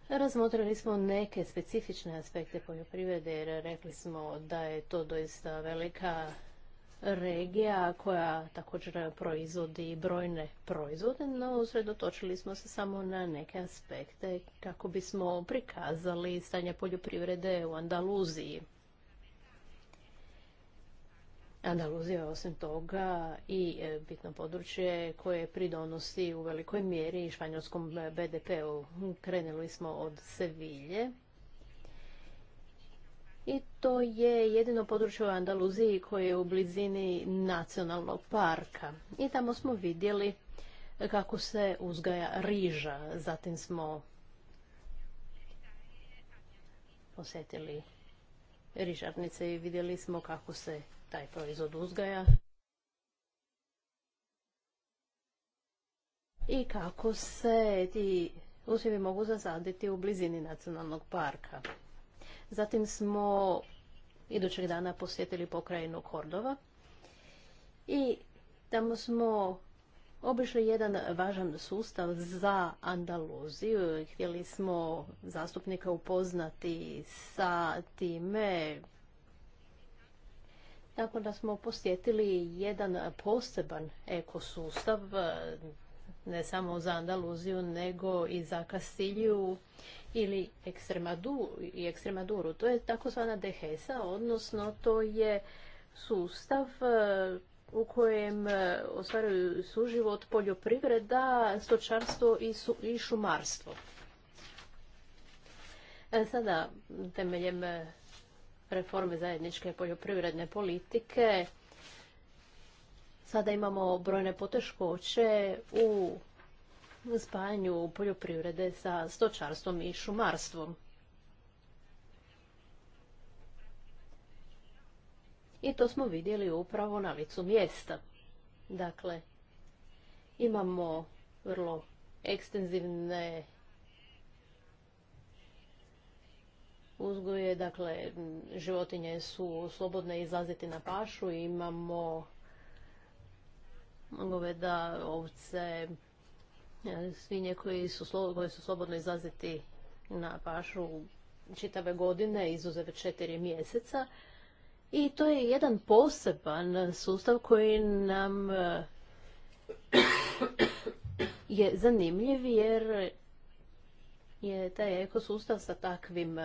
Razmotrili smo neke specifične aspekte poljoprivrede jer rekli smo da je to doista velika regija koja također proizvodi brojne proizvode, no usredotočili smo se samo na neke aspekte kako bismo prikazali stanje poljoprivrede u Andaluziji. Andaluzija osim toga i e, bitno područje koje pridonosi u velikoj mjeri španjolskom e, BDP-u. Krenuli smo od Sevilje. I to je jedino područje u Andaluziji koje je u blizini nacionalnog parka. I tamo smo vidjeli kako se uzgaja riža. Zatim smo posjetili rižarnice i vidjeli smo kako se taj proizvod uzgaja i kako se ti usjevi mogu zasaditi u blizini nacionalnog parka. Zatim smo idućeg dana posjetili pokrajinu Kordova i tamo smo obišli jedan važan sustav za Andaluziju. Htjeli smo zastupnika upoznati sa time tako da smo posjetili jedan poseban ekosustav, ne samo za Andaluziju, nego i za Kastilju ili Ekstremaduru. To je takozvana dehesa, odnosno to je sustav e, u kojem e, ostvaruju suživot poljoprivreda, stočarstvo i, i šumarstvo. E, sada, temeljem reforme zajedničke poljoprivredne politike, sada imamo brojne poteškoće u spajanju poljoprivrede sa stočarstvom i šumarstvom. I to smo vidjeli upravo na licu mjesta. Dakle, imamo vrlo ekstenzivne uzgoje. Dakle, životinje su slobodne izlaziti na pašu. Imamo goveda, ovce, svinje koji su, koje su slobodno izlaziti na pašu čitave godine, izuzeve četiri mjeseca. I to je jedan poseban sustav koji nam je zanimljiv jer je taj ekosustav sa takvim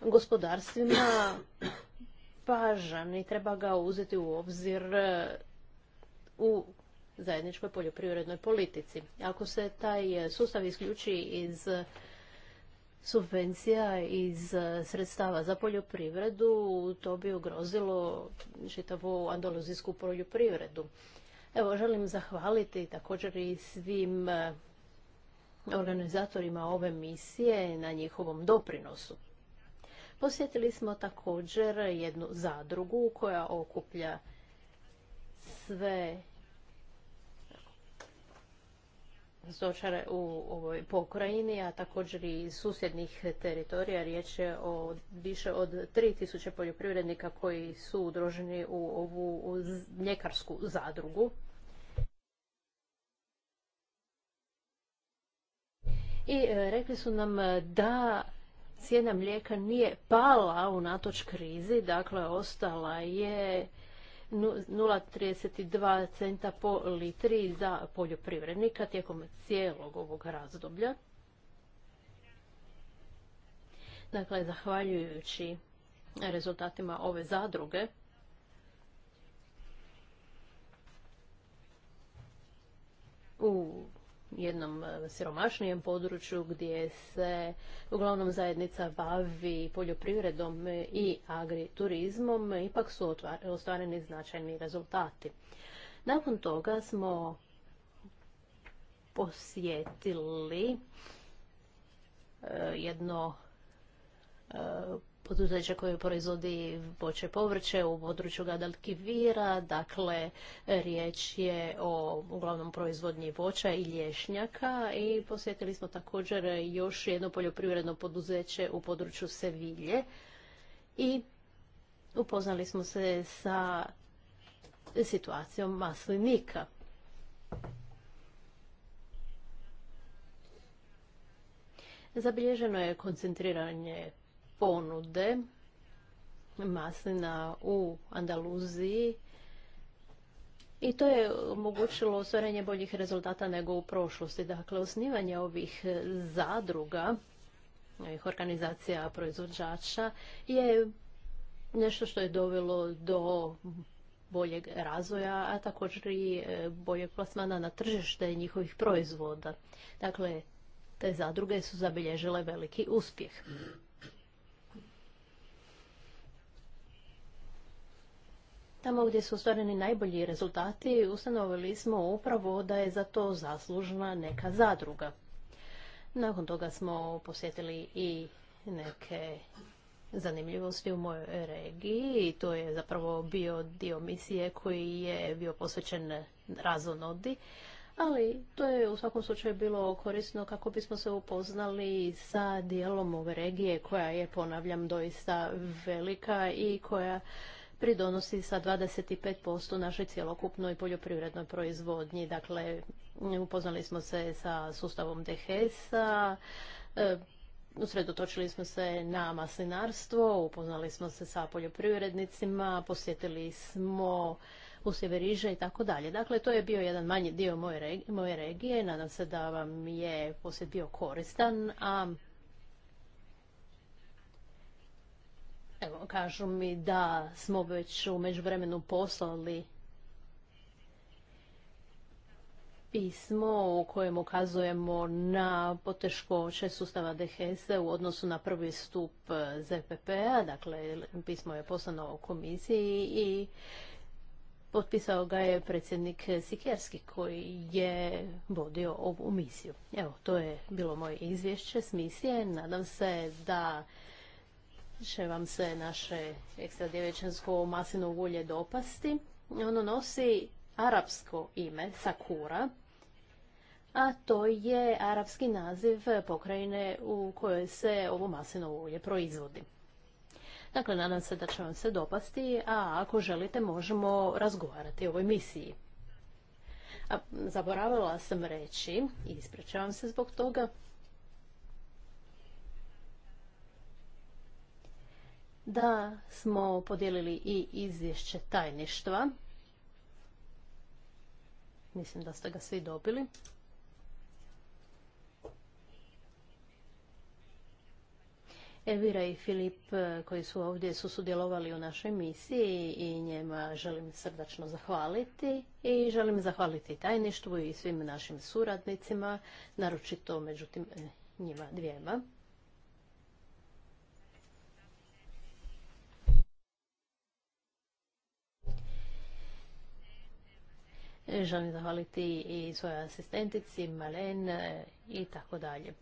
gospodarstvima važan i treba ga uzeti u obzir e, u zajedničkoj poljoprivrednoj politici. Ako se taj sustav isključi iz subvencija iz sredstava za poljoprivredu, to bi ugrozilo čitavu andaluzijsku poljoprivredu. Evo, želim zahvaliti također i svim e, organizatorima ove misije na njihovom doprinosu. Posjetili smo također jednu zadrugu koja okuplja sve stočare u ovoj pokrajini, a također i susjednih teritorija. Riječ je o više od 3000 poljoprivrednika koji su udruženi u ovu mljekarsku zadrugu. I e, rekli su nam da cijena mlijeka nije pala u unatoč krizi, dakle ostala je 0,32 centa po litri za poljoprivrednika tijekom cijelog ovog razdoblja. Dakle, zahvaljujući rezultatima ove zadruge, u jednom e, siromašnijem području gdje se uglavnom zajednica bavi poljoprivredom i agriturizmom, ipak su ostvareni značajni rezultati. Nakon toga smo posjetili e, jedno e, poduzeće koje proizvodi voće povrće u području Gadalkivira, dakle riječ je o uglavnom proizvodnji voća i lješnjaka i posjetili smo također još jedno poljoprivredno poduzeće u području Sevilje i upoznali smo se sa situacijom maslinika. Zabilježeno je koncentriranje ponude maslina u Andaluziji i to je omogućilo ostvarenje boljih rezultata nego u prošlosti. Dakle, osnivanje ovih zadruga, ovih organizacija proizvođača je nešto što je dovelo do boljeg razvoja, a također i e, boljeg plasmana na tržište njihovih proizvoda. Dakle, te zadruge su zabilježile veliki uspjeh. Tamo gdje su ostvareni najbolji rezultati ustanovili smo upravo da je za to zaslužna neka zadruga. Nakon toga smo posjetili i neke zanimljivosti u mojoj regiji i to je zapravo bio dio misije koji je bio posvećen razonodi, ali to je u svakom slučaju bilo korisno kako bismo se upoznali sa dijelom ove regije koja je, ponavljam, doista velika i koja pridonosi sa 25% našoj cjelokupnoj poljoprivrednoj proizvodnji. Dakle, upoznali smo se sa sustavom DHS-a, e, usredotočili smo se na maslinarstvo, upoznali smo se sa poljoprivrednicima, posjetili smo u riže i tako dalje. Dakle, to je bio jedan manji dio moje regije. Nadam se da vam je posjet bio koristan, a Evo, kažu mi da smo već u međuvremenu poslali pismo u kojem ukazujemo na poteškoće sustava DHS u odnosu na prvi stup ZPP-a, dakle pismo je poslano u komisiji i potpisao ga je predsjednik Sikerski koji je vodio ovu misiju. Evo, to je bilo moje izvješće s misije. Nadam se da će vam se naše ekstra djevečansko maslinovo ulje dopasti. Ono nosi arapsko ime, Sakura, a to je arapski naziv pokrajine u kojoj se ovo maslinovo ulje proizvodi. Dakle, nadam se da će vam se dopasti, a ako želite možemo razgovarati o ovoj misiji. zaboravila sam reći, i ispričavam se zbog toga, da smo podijelili i izvješće tajništva. Mislim da ste ga svi dobili. Evira i Filip eh, koji su ovdje su sudjelovali u našoj misiji i njema želim srdačno zahvaliti i želim zahvaliti tajništvu i svim našim suradnicima, naročito međutim eh, njima dvijema. Želim zahvaliti i svojoj asistentici, Malen e, i tako dalje.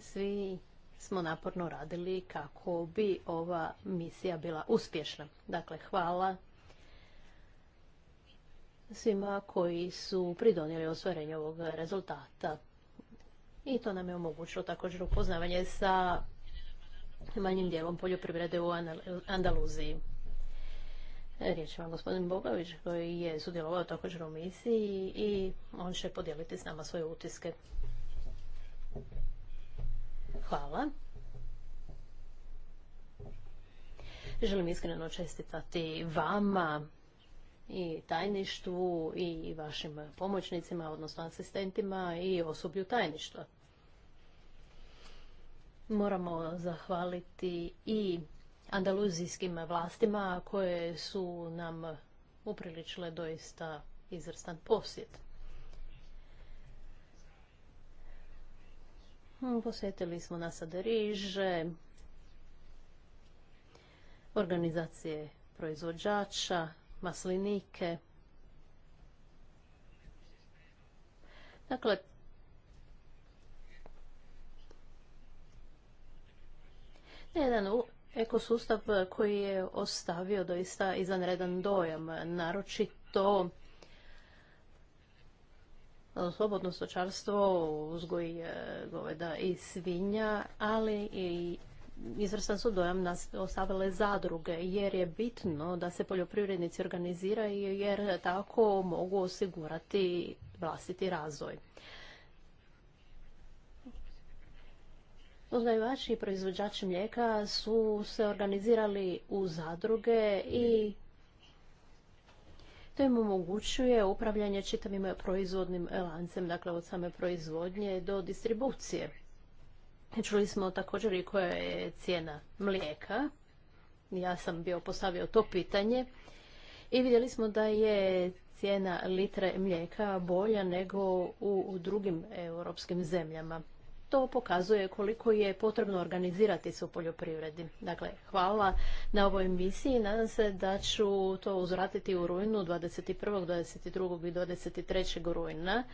Svi smo naporno radili kako bi ova misija bila uspješna. Dakle, hvala svima koji su pridonijeli ostvarenju ovog rezultata. I to nam je omogućilo također upoznavanje sa manjim dijelom poljoprivrede u Andaluziji. Riječ vam gospodin Bogović koji je sudjelovao također u misiji i on će podijeliti s nama svoje utiske. Hvala. Želim iskreno čestitati vama i tajništvu i vašim pomoćnicima, odnosno asistentima i osoblju tajništva. Moramo zahvaliti i andaluzijskim vlastima koje su nam upriličile doista izvrstan posjet. Posjetili smo sad riže, organizacije proizvođača, maslinike. Dakle, jedan Eko sustav koji je ostavio doista izanredan dojam, naročito slobodno stočarstvo, uzgoj e, goveda i svinja, ali i izvrstan su dojam nas ostavile zadruge, jer je bitno da se poljoprivrednici organiziraju, jer tako mogu osigurati vlastiti razvoj. Uzgajivači i proizvođači mlijeka su se organizirali u zadruge i to im omogućuje upravljanje čitavim proizvodnim lancem, dakle od same proizvodnje do distribucije. Čuli smo također i koja je cijena mlijeka. Ja sam bio postavio to pitanje i vidjeli smo da je cijena litre mlijeka bolja nego u drugim europskim zemljama to pokazuje koliko je potrebno organizirati se u poljoprivredi. Dakle, hvala na ovoj misiji. Nadam se da ću to uzvratiti u rujnu 21., 22. i 23. rujna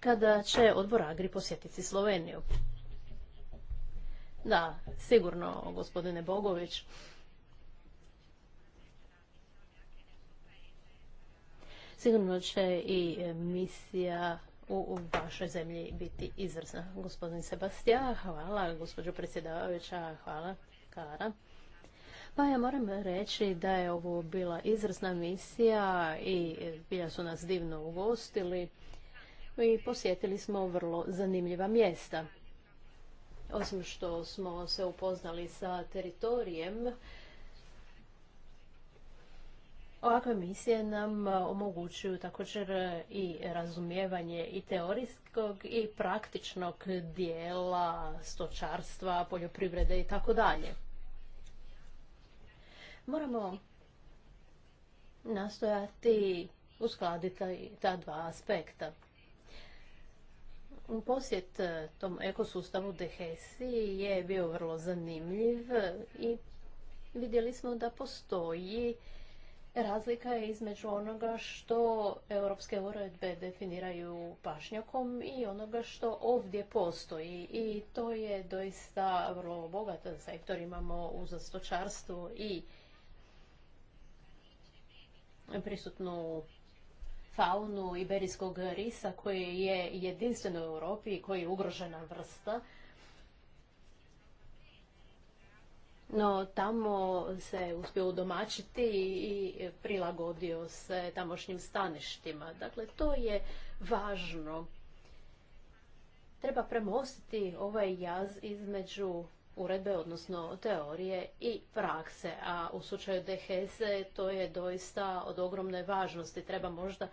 kada će odbor Agri posjetiti Sloveniju. Da, sigurno, gospodine Bogović. Sigurno će i misija u vašoj zemlji biti izvrsna. Gospodin Sebastija, hvala. Gospođo predsjedavajuća, hvala. Kara. Pa ja moram reći da je ovo bila izvrsna misija i bila su nas divno ugostili i posjetili smo vrlo zanimljiva mjesta. Osim što smo se upoznali sa teritorijem, Ovakve misije nam e, omogućuju također e, i razumijevanje i teorijskog i praktičnog dijela stočarstva, poljoprivrede i tako dalje. Moramo nastojati uskladiti ta dva aspekta. Posjet e, tom ekosustavu Dehesi je bio vrlo zanimljiv i vidjeli smo da postoji Razlika je između onoga što europske uredbe definiraju pašnjakom i onoga što ovdje postoji. I to je doista vrlo bogat sektor. Imamo uzastočarstvo i prisutnu faunu iberijskog risa koji je jedinstven u Europi i koji je ugrožena vrsta. no tamo se uspio udomačiti i prilagodio se tamošnjim staništima. Dakle, to je važno. Treba premostiti ovaj jaz između uredbe, odnosno teorije i prakse, a u slučaju DHS to je doista od ogromne važnosti. Treba možda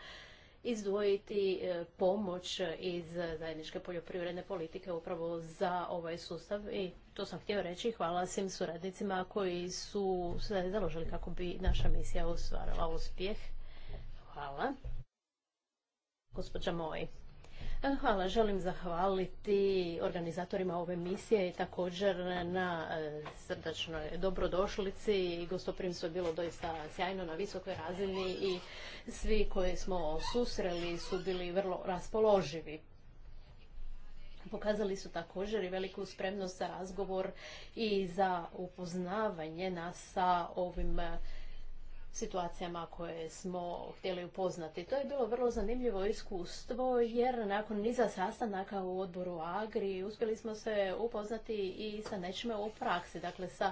izdvojiti e, pomoć iz zajedničke poljoprivredne politike upravo za ovaj sustav i to sam htio reći hvala svim suradnicima koji su se založili kako bi naša misija ostvarila uspjeh. Hvala. Gospođa Moj. Hvala, želim zahvaliti organizatorima ove misije i također na e, srdačnoj dobrodošlici. Gostoprimstvo je bilo doista sjajno na visokoj razini i svi koje smo susreli su bili vrlo raspoloživi. Pokazali su također i veliku spremnost za razgovor i za upoznavanje nas sa ovim situacijama koje smo htjeli upoznati. To je bilo vrlo zanimljivo iskustvo jer nakon niza sastanaka u odboru Agri uspjeli smo se upoznati i sa nečime u praksi, dakle sa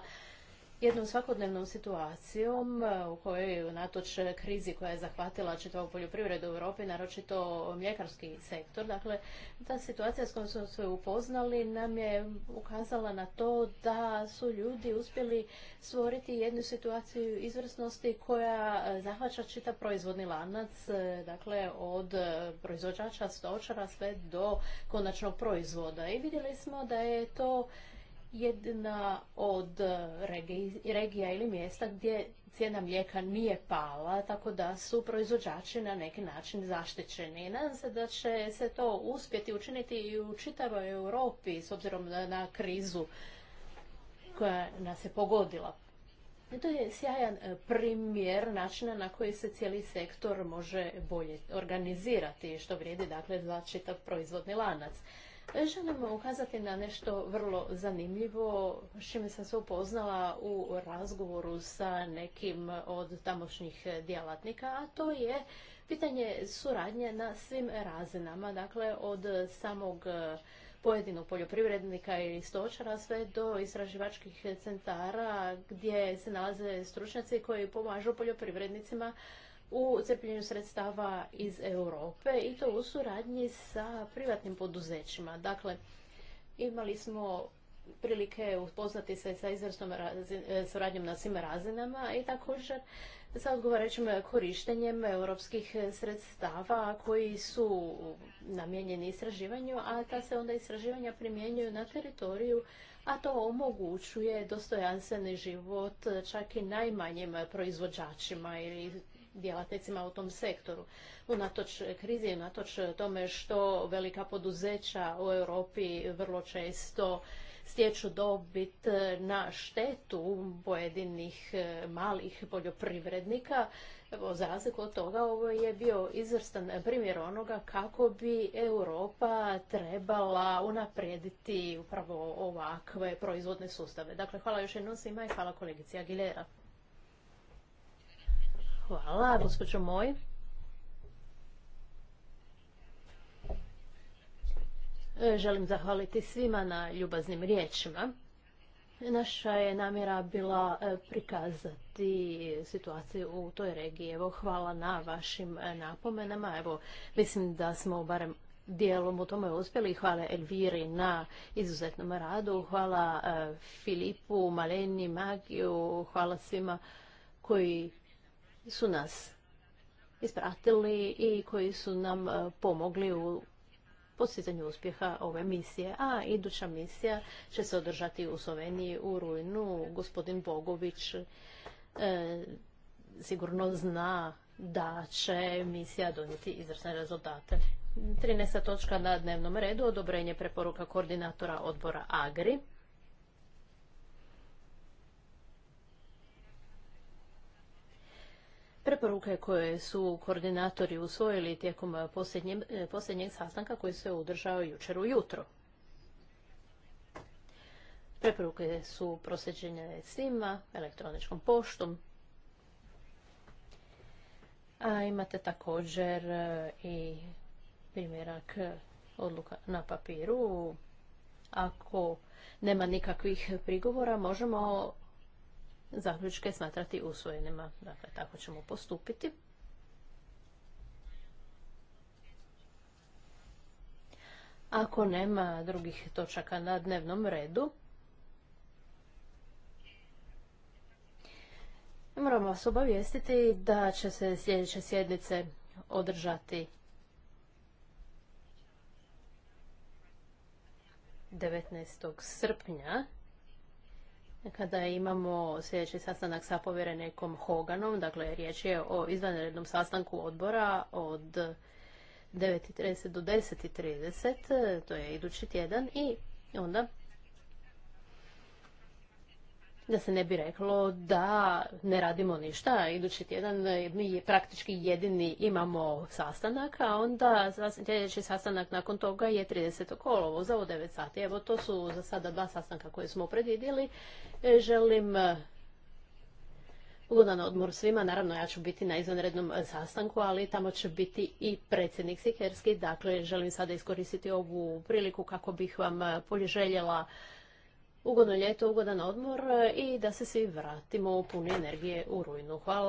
jednom svakodnevnom situacijom e, u kojoj natoč krizi koja je zahvatila čitavu poljoprivredu u Europi, naročito mljekarski sektor. Dakle, ta situacija s kojom smo se upoznali nam je ukazala na to da su ljudi uspjeli stvoriti jednu situaciju izvrsnosti koja zahvaća čitav proizvodni lanac, e, dakle od proizvođača stočara sve do konačnog proizvoda. I vidjeli smo da je to jedna od e, regija ili mjesta gdje cijena mlijeka nije pala, tako da su proizvođači na neki način zaštićeni. Nadam se da će se to uspjeti učiniti i u čitavoj Europi s obzirom na krizu koja nas je pogodila. To je sjajan e, primjer načina na koji se cijeli sektor može bolje organizirati, što vrijedi dakle za čitav proizvodni lanac. Želim ukazati na nešto vrlo zanimljivo, s čime sam se upoznala u razgovoru sa nekim od tamošnjih djelatnika, a to je pitanje suradnje na svim razinama, dakle od samog pojedinog poljoprivrednika i stočara sve do istraživačkih centara gdje se nalaze stručnjaci koji pomažu poljoprivrednicima u crpljenju sredstava iz Europe i to u suradnji sa privatnim poduzećima. Dakle, imali smo prilike upoznati se sa izvrsnom e, suradnjom na svim razinama i također sa odgovarajućim korištenjem europskih sredstava koji su namijenjeni istraživanju, a ta se onda istraživanja primjenjuju na teritoriju, a to omogućuje dostojanstveni život čak i najmanjim proizvođačima ili djelatnicima u tom sektoru. Unatoč krizi, unatoč tome što velika poduzeća u Europi vrlo često stječu dobit na štetu pojedinih e, malih poljoprivrednika, Evo, za razliku od toga, ovo je bio izvrstan primjer onoga kako bi Europa trebala unaprijediti upravo ovakve proizvodne sustave. Dakle, hvala još jednom svima i hvala kolegici Aguilera. Hvala, gospođo Moj. Želim zahvaliti svima na ljubaznim riječima. Naša je namjera bila e, prikazati situaciju u toj regiji. Evo, hvala na vašim e, napomenama. Evo, mislim da smo barem dijelom u tome uspjeli. Hvala Elviri na izuzetnom radu. Hvala e, Filipu, Maleni, Magiju. Hvala svima koji su nas ispratili i koji su nam e, pomogli u postizanju uspjeha ove misije. A iduća misija će se održati u Sloveniji u rujnu. Gospodin Bogović e, sigurno zna da će misija donijeti izvrsne rezultate. 13. točka na dnevnom redu, odobrenje preporuka koordinatora odbora AGRI. Preporuke koje su koordinatori usvojili tijekom eh, eh, posljednjeg, sastanka koji se održao jučer ujutro. Preporuke su prosjeđene svima, elektroničkom poštom. A imate također eh, i primjerak odluka na papiru. Ako nema nikakvih prigovora, možemo zaključke smatrati usvojenima. Dakle, tako ćemo postupiti. Ako nema drugih točaka na dnevnom redu, moram vas obavijestiti da će se sljedeće sjednice održati 19. srpnja kada imamo sljedeći sastanak sa povjerenikom Hoganom, dakle riječ je o izvanrednom sastanku odbora od 9.30 do 10.30, to je idući tjedan i onda da se ne bi reklo da ne radimo ništa. Idući tjedan mi praktički jedini imamo sastanak, a onda sljedeći sastanak nakon toga je 30. kolovoza u 9 sati. Evo to su za sada dva sastanka koje smo predvidjeli. E, želim e, Ugodan odmor svima, naravno ja ću biti na izvanrednom sastanku, ali tamo će biti i predsjednik Sikerski, dakle želim sada iskoristiti ovu priliku kako bih vam e, poželjela ugodno ljeto, ugodan odmor i da se svi vratimo puni energije u rujnu. Hvala.